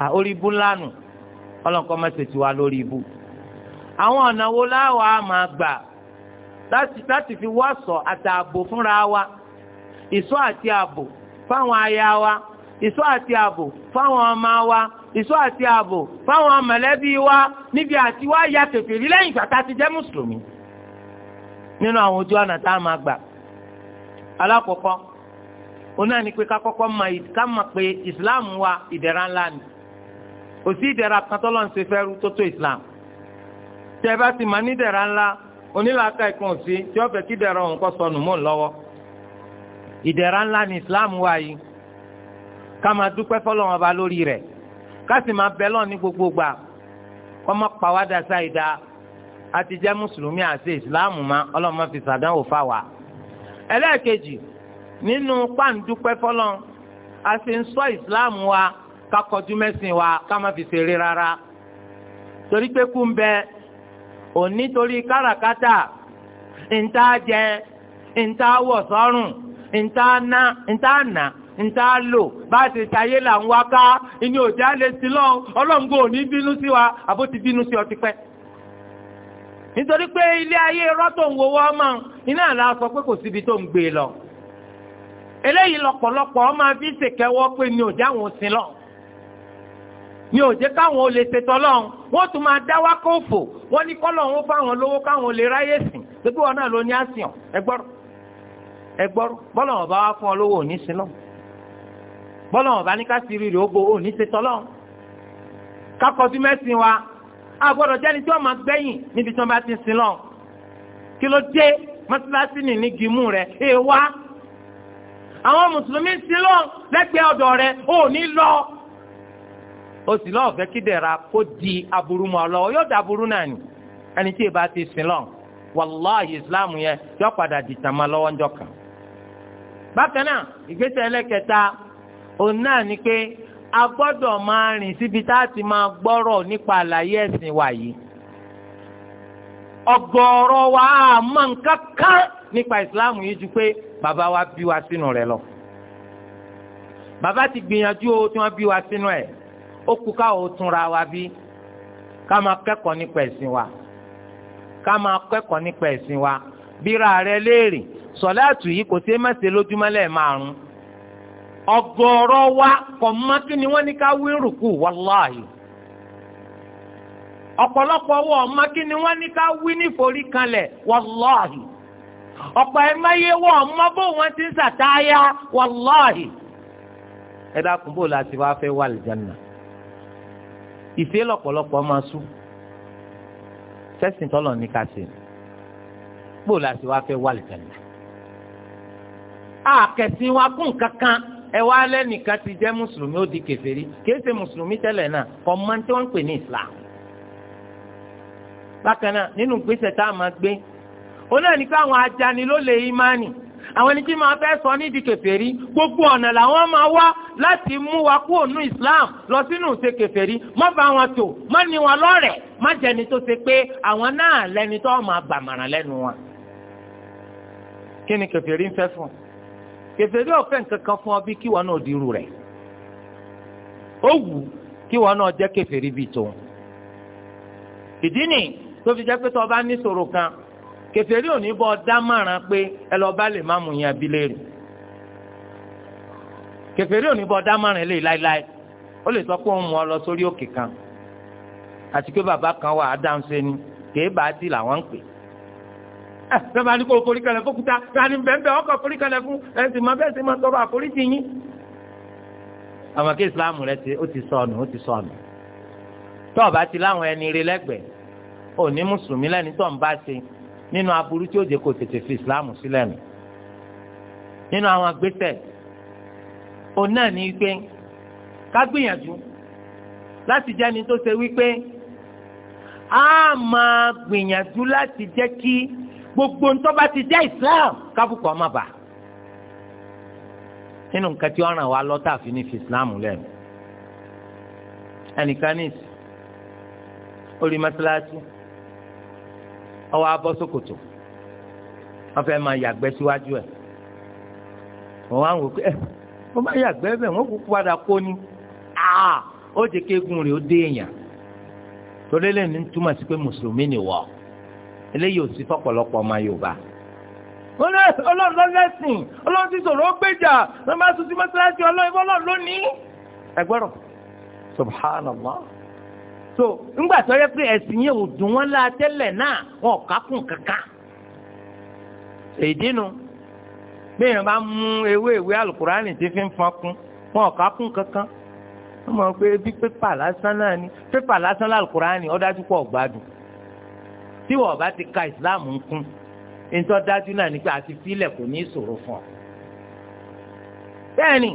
à orí ibú ńlánu ọlọ́nkọ́ má ṣe tiwa lórí ibú. àwọn ọ̀nà wo láwa máa gbà láti fi wọ́sọ̀ àtààbò fúnra wa ìṣọ́ àti ààbò fáwọn aya wa ìṣọ́ àti ààbò fáwọn ọmọ wa ìṣọ́ àti ààbò fáwọn mọ̀lẹ́bí wa níbi àti wá ya kèfèrí lẹ́yìn ìgbà tá a ti jẹ́ mùsùlùmí nínú àwọn ojú ọ̀nà tá a máa gbà alákọ̀ọ́kọ́ onáà ni pé ká kọ́kọ́ máa pé ìsìláàmù wa ìdẹ̀ra ńlá ni kò sí ìdẹ̀ra kan tọ́lọ́ ń ṣe fẹ́rú tó tó islam tẹ́ ẹ bá ti máa ní ìdẹ̀ra ńlá onílàákà ìkan òsì tí ó fẹ́ kí ìdẹ̀ra òun kọ́ sọnù mọ́ lọ́wọ́ ìdẹ̀ra ńlá ni islam wà yìí ká máa dúpẹ́ fọlọ́wọn ba lórí rẹ̀ ká sì máa bẹ́ lọ́ọ̀ ní gbogbo gbà kọ́ mọ́ pàwádà sáìdá àti jẹ́ mùsùlùmí àti ìsìláàmù ma ọlọ́run máa fi sàdánwò fà wá. ẹlẹ́ẹ̀kejì nínú pàǹdúpẹ́ fọlọ́n a sì ń sọ ìsìláàmù wa ká kọjú wa kama fi ṣeré rárá torí pé kú ń bẹ òní torí káràkátà ntá jẹ ntá wọ̀ sọ́rùn ntá ná ntá nà ntá lò bá a ti ṣayé là ń wá ká ìní òjá lè sí lọ ọlọ́ngbò òní bínú sí wa àbó ti bínú sí ọtí ti pẹ́ nítorí pé ilé ayé rọ́tò ń wowó ọmọ iná la sọ pé kò síbi tó ń gbé lọ eléyìí lọ́pọ̀lọpọ̀ ọmọ fi ṣèkẹwọ pé ni òjá wọn sin ni ò jẹ́ káwọn ò lè ṣètò ọlọ́run wọ́n tún máa dá wákò òfò wọ́n ní kọ́lọ́run fáwọn lówó káwọn ò lè ráyè sìn gbogbo wọn náà ló ní àsìàn ẹgbọ́rọ̀ ẹgbọ́rọ̀ bọ́lọ̀wọ̀n bá wá fún ọ lówó òní sílọ̀ bọ́lọ̀wọ̀n bá ní ká sí rírì ògbó òní ṣètò ọlọ́run kákọ́tún mẹ́sìn wa àgbọ̀dọ̀ jẹ́ni tí wọ́n máa gbẹ́yìn níbi tí wọ́n bá ti ń sin lọ kí ló dé mọ́sálásí nì ní gímù rẹ̀ ẹ wá àwọn mùsùlùmí ń sin lọ lẹ́gbẹ̀ẹ́ ọ̀dọ̀ rẹ̀ ò lọ o sì lọ́ọ̀ fẹ́ kí dẹ̀ra kó di aburú mọ́ ọ lọ́wọ́ yóò da aburú náà ni ẹni tí ìbá ti sin lọ wàláhì islam yẹn yọ padà di tàmá lọ́wọ́ ńjọ kan. bákan náà ìgbésẹ̀ ẹlẹ́kẹta òun náà ni pé a gbọ́dọ̀ máa rìn síbi tá a ti máa gbọ́rọ̀ nípa àlàyé ẹ̀sìn wa yìí ọ̀gọ̀ọ̀rọ̀ wa á mọ nǹkan kan nípa ìsìláàmù yìí ju pé bàbá wa bí wa sínú rẹ̀ lọ bàbá ti gbìyànjú o tí wọ́n bí wa sínú ẹ̀ ó kú káwọn wa bí ká máa kẹ́kọ̀ọ́ nípa ẹ̀sìn wa ká máa kẹ́kọ̀ọ́ nípa ẹ̀sìn wa bíra rẹ léèrè sọ̀láàtù yìí kò ṣeé má ṣe lójúmọ́ lẹ́ẹ̀márùn-ún wa kò mọ̀ kí ni ní ká wí rùkù wàláhì ọ̀pọ̀lọpọ̀ wọ kí ni ní ti ń sàtáyà ẹ dákun wá ìfẹ́ lọ́pọ̀lọpọ̀ máa sú sẹ́sìn tọ́lọ̀ ní ká ṣe gbòò la sì wá fẹ́ wà lìtẹ̀lẹ̀. àkẹ́sìn wa kún kankan ẹ wá lẹ́nìkan ti jẹ́ mùsùlùmí ó di kèfèrí kìí ṣe mùsùlùmí tẹ́lẹ̀ náà kọ́ máa ń tí wọ́n pè ní Islam. bákan náà nínú ìgbésẹ̀ tá a máa gbé onáà ní káwọn ajánilólè ìmánì àwọn ẹni tí máa fẹ́ sọ ní di kèfèrí gbogbo ọ̀nà làwọn máa wá láti mú wa kú ònú Islam lọ sínú ṣe kèfèrí má bá wọn tò má ní wọn lọ́rẹ̀ má jẹni tó ṣe pé àwọn náà lẹni tó máa gbàmọ̀ràn lẹ́nu wọn. kí ni kèfèrí ń fẹ́ fún kèfèrí ò fẹ́ nǹkan kan fún ọ bí kí wọn náà dirú rẹ̀ ó wù kí wọn náà jẹ́ kèfèrí bíi tòun ìdí nì tó fi jẹ́ pé tó o bá ní ṣòro kan kẹfẹ́rí ò ní bọ́ dámàràn pé ẹ lọ bá lè má mú yẹn abilé rè kẹfẹ́rí ò ní bọ́ dámàràn eléyìí láéláé ó lè sọ pé òun mú ọ lọ sórí òkè kan àti pé bàbá kan wà á dáhùn sẹ́ni kèé bá dì làwọn ń pè ẹ bẹ́ẹ̀ bá ní kó forí kalẹ̀ fókúta láti bẹ́ẹ̀ ọkọ̀ forí kalẹ̀ fún ẹ̀sìn máa bẹ́ẹ̀ sì máa tọrọ àforíjì yín. àwọn kí Islam rẹ ti ó ti sọnù ó ti sọnù tọ́ọ̀bá ti láwọn ẹni rí lẹ́gbẹ̀ẹ́ ò mùsùlùmí lẹ́ni tó ń bá ṣe nínú aburú tí ó jẹ́ kó tètè fi islam sílẹ̀ nù nínú àwọn agbésẹ̀ òun náà ní pé ká gbìyànjú láti jẹ́ ni tó ṣe wípé a máa gbìyànjú láti jẹ́ kí gbogbo ń tó bá ti jẹ́ islam kábùkù ọmọ bàá nínú nǹkan tí ọ̀ràn wa lọ́tà fi ní fi ìsìláàmù lẹ́nu ẹnìkan ní orí mọ́sálásí ọwọ abọ́ sokoto wọ́n fẹ́ máa yàgbẹ́ síwájú ẹ̀ wọ́n wá ń wò pé eh, ẹ̀ wọ́n ni ah, ó o kéegun rẹ̀ ó dé èèyàn torí lẹ́nu túmọ̀ sí pé mùsùlùmí ni wọ́n eléyìí ò sí ọma ọmọ Yorùbá ọlọ́run lọ́lẹ́sìn ọlọ́run ti sọ̀rọ̀ ó gbèjà lọ́mọ àtúntì mọ́sálásí ọlọ́run lónìí subhanallah so ńgbà tó yẹ pé ẹ̀sìn yẹn ò dùn wọ́n la tẹ́lẹ̀ náà wọn ò kákùn kankan èdè nu bí èèyàn bá mú ewé ìwé alukurani tí fi ń fọn kún wọn ò kákùn kankan wọ́n mọ̀ pé bí pépà lásán náà ni pépà lásán lálukurani ó dájú pọ̀ gbádùn tí wọ́n bá ti ka ìsìláàmù ń kún nítorí dájú náà ni pé àti fílẹ̀ kò ní ìṣòro fún ọ. bẹ́ẹ̀ ni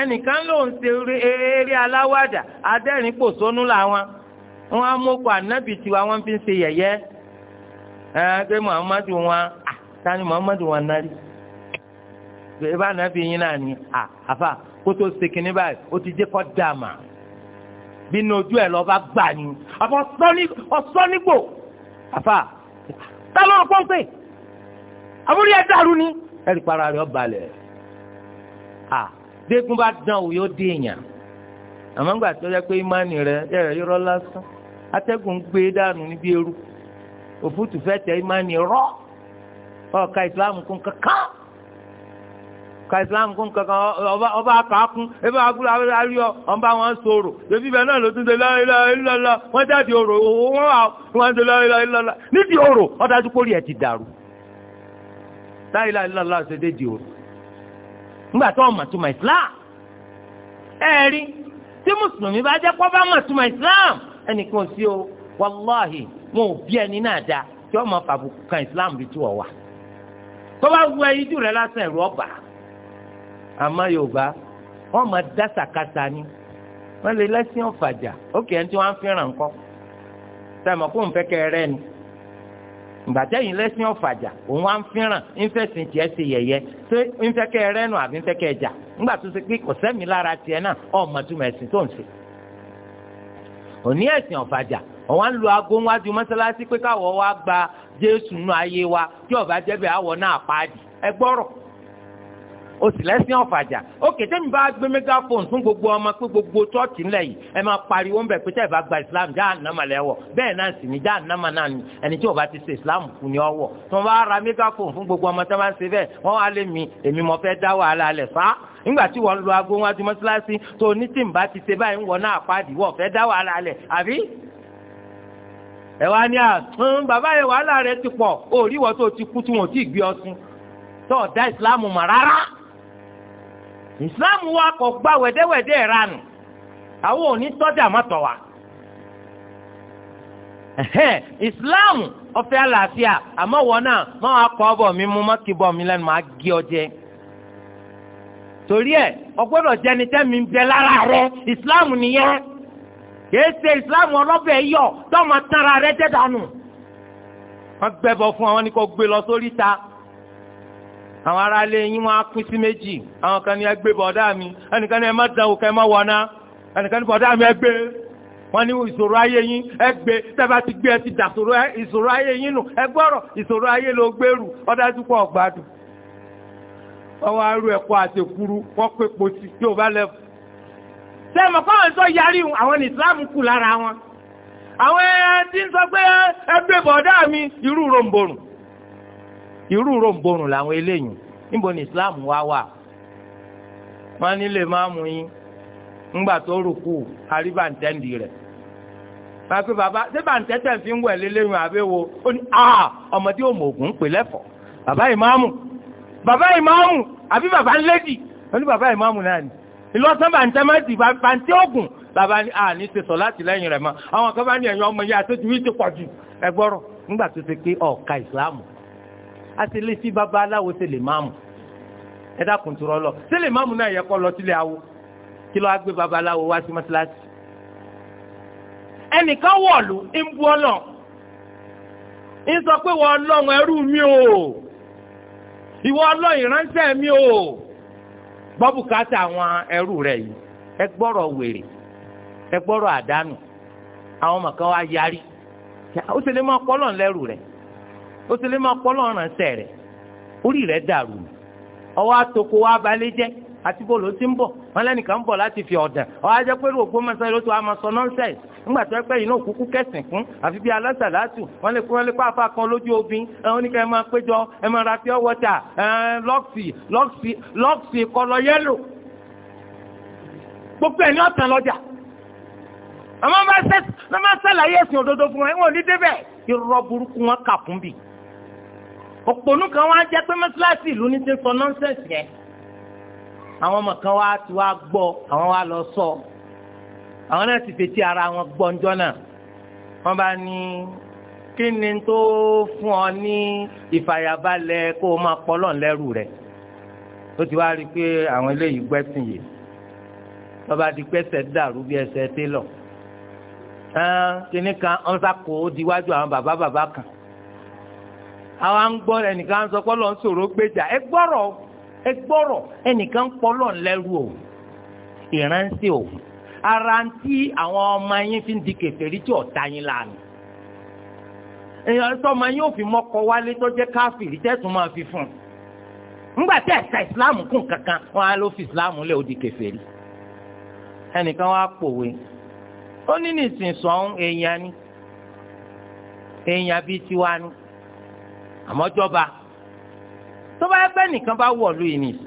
ẹnìkan ló ń ṣe eré aláwàdà adẹ́rìn pòṣónú làwọn wọn á mọ́kọ ànábì tiwa wọn fi ń ṣe yẹ̀yẹ́ ẹ pé muhammadu wọn tani muhammadu wọn náà rí bẹ́ẹ̀ bá ànábì yín náà ní àfà kótó sekinni báyìí ó ti jẹ́ kọ́ dàmà bí inú ojú ẹ̀ lọ́ba gbà ní àbọ̀ ọ̀sọ́nigbò àfà tá ló àbúrò yẹn dàrú ni ẹ̀rí para rẹ̀ ọ̀ balẹ̀ dégún bá dán òun yóò dé èèyàn àmọ́ ńgbà tó yẹ pé ìmánì rẹ ẹ̀rẹ̀ yọrọ lásán atẹ́gùn gbé dànù níbi eru òfútù fẹ́ tẹ ìmánì rọ ọ̀ka ìsìlámù kún kankan ka islam kún kankan ọba ọba akàkún ebe abúlé ọ ọba wọn sọ̀rọ̀ ebi bẹ́ẹ̀ náà ló tún ṣe láìlá ìlọlá jáde ọ̀rọ̀ wọn wà ṣe nídìí ọ̀rọ̀ ọ̀rọ̀ nígbà tó ọmọ tuma islam ẹ rí tí mùsùlùmí bá jẹ́ kó bá mọ̀ tuma islam ẹnìkan sí o wàláhì wọn ò bí ẹni náà dá tí ọmọ fàbùkù kan islam bí tú ọ wà tó bá wu ẹyíjú rẹ lásán ẹ̀rù ọba àmọ́ yorùbá wọn máa dá sàkàtà ni wọn lè lẹ́sìn ọ̀fàjà ó kì í ẹni tí wọ́n á fẹ́ràn kọ́ sẹ́mi kó ń fẹ́ kẹ́ rẹ́ ni. gbàtẹ́ yìí lẹ́sìn ọ̀fàjà òun wá ń fẹ́ràn ńfẹ̀sìn tiẹ̀ ṣe yẹ̀yẹ́ ṣé ńfẹ́kẹ́ rẹ́nu àbí ńfẹ́kẹ́ ẹ̀jà ńgbà tó ṣe pé kò sẹ́mi lára tiẹ̀ náà ọmọ tó mọ̀ ẹ̀sìn tó ń ṣe. òní ẹ̀sìn ọ̀fàjà aago wájú mọ́sálásí pé káwọ́ wa gba Jésù nù ayé wa tí ọ̀bá jẹ́bẹ̀ àwọ̀ náà egboro. o sì lẹ́sìn ọ̀fàjà òkè tẹ́mi bá gbé mẹ́gáfóònù fún gbogbo ọmọ pé gbogbo tọ́ọ̀tì ńlẹ̀ yìí ẹ máa pariwo ń bẹ̀ pé tẹ́ẹ̀ bá gba islam jahannama lẹ́wọ̀ bẹ́ẹ̀ náà sì ní jahannama náà ni ẹni tí o bá ti ṣe islam fún ni ọwọ́ tí wọ́n bá ra mẹ́gáfóònù fún gbogbo ọmọ tẹ́ bá ń ṣe bẹ́ẹ̀ wọ́n wá lé mi èmi mo fẹ́ dá wàhálà lẹ̀ fá nígbà tí wọ́n lu aago wájú mọ́ṣáláṣí tó ní tí n bá ti ṣe báyìí ń wọ náà pàdé wọ́n fẹ́ dá wàhálà lẹ̀ àbí ẹ wá ní àtún bàbá yẹn wàhálà rẹ ti pọ̀ òrí wọ́n tó ti kú tí wọ́n ti Islam wa kò gba wẹ̀dẹ́wẹ̀dẹ́ ìranù àwọn ò ní tọ́jà mọ́tọ̀ wa ìsìláàmù ọ̀fẹ́ àlàáfíà àmọ́ wọn náà mọ́ kọ́ ọbọ̀ mi mú mọ́ kí bọ́ mi lẹ́nu máa gé ọ jẹ torí ẹ ọgbọ́dọ̀ jẹni tẹ́mi ń bẹ lára rẹ ìsìláàmù nìyẹn kìí ṣe ìsìláàmù ọlọ́bẹ̀ yọ tọ́ tán ara rẹ jẹ́ dànù wọ́n gbẹ́bọ̀ fún àwọn ní kò gbé lọ sórí ta àwọn aráalé yín wọn á pín sí méjì àwọn kan ní ẹgbẹ́ bọ̀dá mi ẹnìkan ní ẹ má dánwò kẹ́ ẹ má wọná ẹnìkan ní bọ̀dá mi ẹgbẹ́ wọn ní ìṣòro ayé yín ẹgbẹ́ tẹ́fà ti gbé ẹ ti dà ìṣòro ayé yín nù ẹgbọ́rọ̀ ìṣòro ayé ló gbèrú ọ̀dájú pọ̀ gbádùn ọwọ́ arú ẹ̀kọ́ àti òkúrú wọ́n pé pòtì tí ò bá lẹ́fù. sẹ́mi kọ́wọ́n sọ yarí àwọn ìsìlámù kù lára wọn àwọn ẹ̀ ti ń sọ pé ẹgbẹ́ bọ̀dá irú ròǹbòrùn làwọn eléyìí níbo ni islam wá wà wọ́n nílé máàmù yín ńgbà tó rùkú àríbàǹtẹ́ǹdì rẹ̀ máa bàbá ṣé bàǹtẹ́tẹ̀ fi ń wẹ̀ lélẹ́yìn àbẹ́wò ó ní a ọmọdé òmògùn pè lẹ́fọ̀ bàbá ìmáàmù bàbá ìmáàmù àbí bàbá ńlẹ́dì wọ́n ní bàbá ìmáàmù náà ni ìlọ́sàn bàǹtẹ́ mẹ́tì bàǹtẹ́ ògùn bàbá ní ṣe sọ láti lẹ́yìn rẹ̀ mọ́ àwọn kan bá ní ẹ̀yìn ọmọ àti àti lè fi bàbá aláwo ṣe lè máàmù ẹ dákun tó rọlọ ṣe lè máàmù náà yẹ kó lọ sílé awo kí ló wá gbé bàbá aláwo wá sí mọ́ṣáláṣí ẹnìkan wọ̀lú ń bu ọlọ́ ń sọ pé wọ́n ọlọ́run ẹrú mi o ìwọ ọlọ́run ìránṣẹ́ mi o bọ́bùkátà àwọn ẹrú rẹ̀ yìí ẹ gbọ́rọ̀ wèrè ẹ gbọ́rọ̀ àdánù àwọn ọmọ kan wá yarí ó sì lè máa pọ́ lọ́n lẹ́rù rẹ̀ ó sì lè máa pọ́ lọ́rùn ẹsẹ̀ rẹ̀ orí rẹ̀ dàrú ọwọ́ wa balẹ̀ jẹ́ àti bó ti ń bọ̀ wọn lẹ́nìkan ń bọ̀ láti fi ọ̀dàn ọwọ́ ajẹ́ pé òkú mẹ́sàn ló a máa sọ nọ́ńsẹ̀sì ńgbà tó ẹgbẹ́ yìí náà kúkú kẹsìn fún àfi alásàlátù wọn lè afa kan lójú obìn ẹ máa péjọ ẹ máa ra pure water lọ́ọ̀sì lọ́ọ̀sì lọ́ọ̀sì kọlọ yẹ́lò gbogbo ẹ̀ ní lọ́jà máa ẹ̀sìn òdodo fún wọn ní débẹ̀ irọ́ burúkú wọn kà òpònú kan wá jẹ́ pé mọ́sálásí ìlú ní ti sọ nọ́ńsẹ̀sì yẹn àwọn ọmọ kan wá ti wá gbọ́ àwọn wá lọ sọ àwọn náà ti fetí ara wọn gbọ́ ńjọ́ náà wọ́n bá ní kí ni tó fún ọ ní ìfàyàbalẹ̀ kó o máa pọ́lọ̀ lẹ́rù rẹ̀ ó ti wá rí i pé àwọn eléyìí gbẹ́sìn yìí lọ́ba di pẹ́sẹ̀ dàrú bí ẹsẹ̀ télọ̀ kínní kan ọ̀nsá diwájú àwọn bàbá bàbá kan àwa ń gbọ́ ẹnìkan sọ pé Ọlọ́run sọ̀rọ̀ gbèjà ẹ gbọ́rọ̀ ẹ gbọ́rọ̀ ẹnìkan pọ̀ Ọlọ́run lẹ́rú o ìrántí o ara ń tí àwọn ọmọ yín fi ń di kèfèrí tí ọ̀tá yín lànà èèyàn tó ọmọ yín ò fi mọ́kọ wálé tó jẹ́ káfíìrì tẹ́sùn máa fi fún un ńgbà tí ẹ̀ka ìsìláàmù kún kankan wọn á lọ fi ìsìláàmù lẹ̀ ó di kèfèrí ẹnìkan wá pòwe ó ní nìsín sọ̀hún èèyàn ni èèyàn bíi tiwa ni àmọ́ jọba tó bá ẹgbẹ́ nìkan bá wọ̀lú yìí nìyí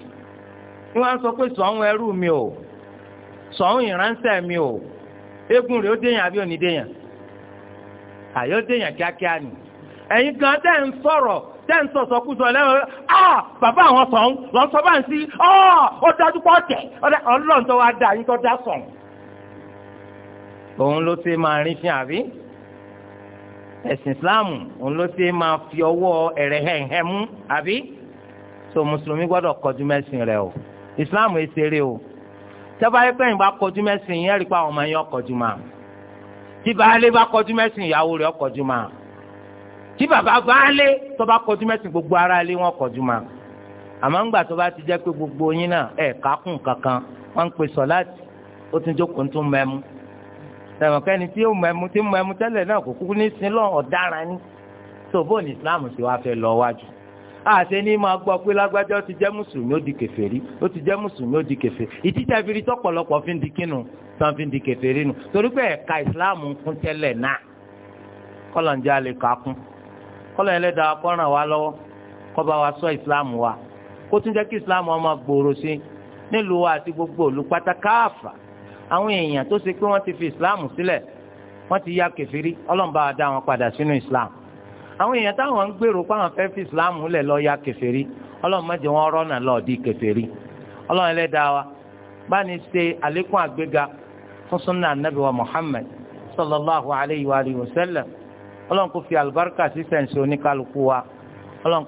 ni wọ́n sọ pé sọ̀hún ẹrú mi o sọ̀hún ìránṣẹ́ mi o eégún rẹ̀ ó déyàn àbí òní déyàn àyọ́ déyàn kíákíá ni ẹ̀yin kan tẹ́ ń sọ̀rọ̀ tẹ́ ń sọ̀sọ̀ kú sọ lẹ́wọ̀n á bàbá àwọn sọ̀hún lọ sọ bá ń sí ọ́ ó dájú pọ̀ tẹ̀ ọlọ́run tó wá dá yín tó dá sọ̀hún òun ló ti máa rí fi hàn àbí ẹ̀sìn islam òun ló ṣe máa fi ọwọ́ ẹ̀rẹ̀ hẹ̀hẹ̀ mú àbí so mùsùlùmí gbọ́dọ̀ kọjú mẹ́sìn rẹ̀ o islam ẹ̀ ṣeré o tẹ́fà yẹ pẹ́yìn bá kọjú mẹ́sìn yẹn rí pa ọmọ yẹn ọkọjú ma tí baálé bá kọjú mẹ́sìn ìyàwó rẹ̀ ọkọjú ma tí bàbá baálé tó bá kọjú mẹ́sìn gbogbo ara lé wọn ọkọjú ma àmọ́ ńgbà tó bá ti jẹ́ pé gbogbo yín náà ẹ̀ kákùn kankan wọ́n ń pè sọ láti ó tún jókòó tún mẹ́mú sẹ̀wọ̀n kẹ́ni tí ó mọ ẹmu tí mọ ẹmu tẹ́lẹ̀ náà kò kúkú ní sinlọ ọ̀daràn ni tó bó ní islam sì fẹ́ lọ wájú àṣẹ ní máa gbọ́ pé lágbájá ó ti jẹ́ mùsùlùmí ó di kèfèrí ó ti jẹ́ mùsùlùmí ó di kèfèrí ìdíjà tọ́pọ̀lọpọ̀ fi ń di tán fi ń di nu torí pé ẹ̀ka islam kún tẹ́lẹ̀ náà alẹ́ kọ́ràn wa lọ́wọ́ bá wa wa kó tún jẹ́ kí wa máa gbòòrò sí nílùú wa àti gbogbo àwọn èèyàn tó ṣe pé wọ́n ti fi islam sílẹ̀ wọ́n ti ya kẹfìrí ọlọ́run bá wa dá wọn padà sínú islam àwọn èèyàn táwọn ń gbèrò fẹ́ fi islam lẹ̀ lọ ya kẹfìrí ọlọ́run má wọn rọ́nà lọ di kẹfìrí ọlọ́run ẹlẹ́dàá wa bá ní ṣe àlékún àgbéga fún wa alayhi wa wa sallam ọlọ́run kò fi sí oníkálukú wa ọlọ́run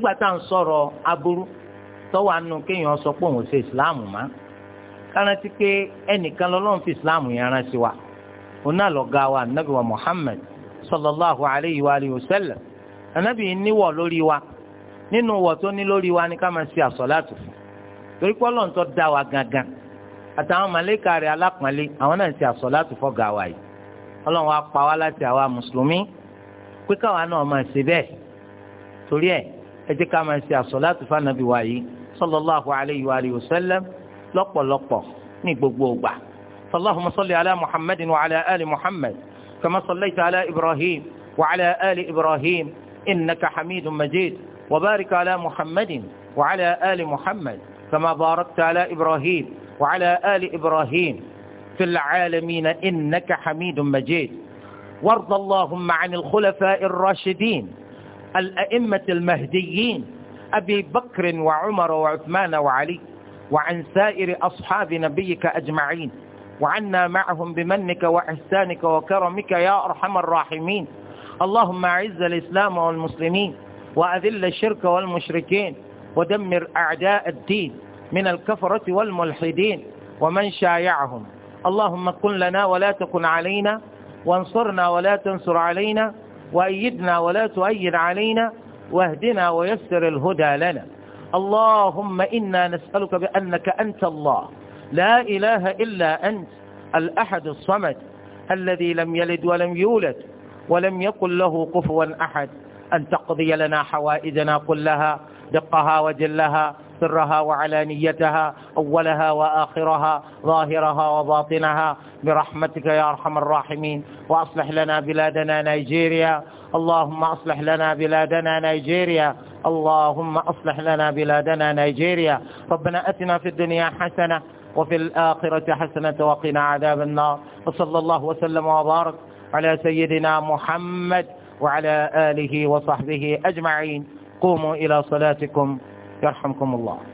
má tọ́wọ́ àánú kéèyàn sọ pé òun ṣe islam má kárántí pé ẹnìkan lọ́lọ́run fi islam yẹn rán sí wa òun náà lọ́ọ́ ga wa anabi wa muhammed sallallahu alayhi wa alihi wa sallam níwọ̀ lórí wa nínú wọ̀ tó ní lórí wa ni ká máa ṣe àsọ̀láàtù fún torí pé ọlọ́run tó dá wa gangan àtàwọn màlẹ́kà rẹ̀ alápọ̀nlé àwọn náà ṣe àsọ̀láàtù fọ́gà wa yìí ọlọ́run wa pa wá láti àwa mùsùlùmí pé káwa náà máa ṣe bẹ́ẹ̀ torí ẹ̀ ẹ jẹ́ ká máa ṣe àsọ̀láàtù fún anabi wa yìí صلى الله عليه وآله وسلم لقوا لقب لقب نبوبوبا فاللهم صل على محمد وعلى آل محمد كما صليت على إبراهيم وعلى آل إبراهيم إنك حميد مجيد وبارك على محمد وعلى آل محمد كما باركت على إبراهيم وعلى آل إبراهيم في العالمين إنك حميد مجيد وارض اللهم عن الخلفاء الراشدين الأئمة المهديين أبي بكر وعمر وعثمان وعلي وعن سائر أصحاب نبيك أجمعين وعنا معهم بمنك وإحسانك وكرمك يا أرحم الراحمين اللهم أعز الإسلام والمسلمين وأذل الشرك والمشركين ودمر أعداء الدين من الكفرة والملحدين ومن شايعهم اللهم كن لنا ولا تكن علينا وانصرنا ولا تنصر علينا وأيدنا ولا تؤيد علينا واهدنا ويسر الهدى لنا اللهم إنا نسألك بأنك أنت الله لا إله إلا أنت الأحد الصمد الذي لم يلد ولم يولد ولم يقل له كفوا أحد أن تقضي لنا حوائجنا كلها دقها وجلها سرها وعلانيتها أولها وآخرها ظاهرها وباطنها برحمتك يا أرحم الراحمين وأصلح لنا بلادنا نيجيريا اللهم أصلح لنا بلادنا نيجيريا اللهم أصلح لنا بلادنا نيجيريا ربنا أتنا في الدنيا حسنة وفي الآخرة حسنة وقنا عذاب النار وصلى الله وسلم وبارك على سيدنا محمد وعلى آله وصحبه أجمعين قوموا إلى صلاتكم يرحمكم الله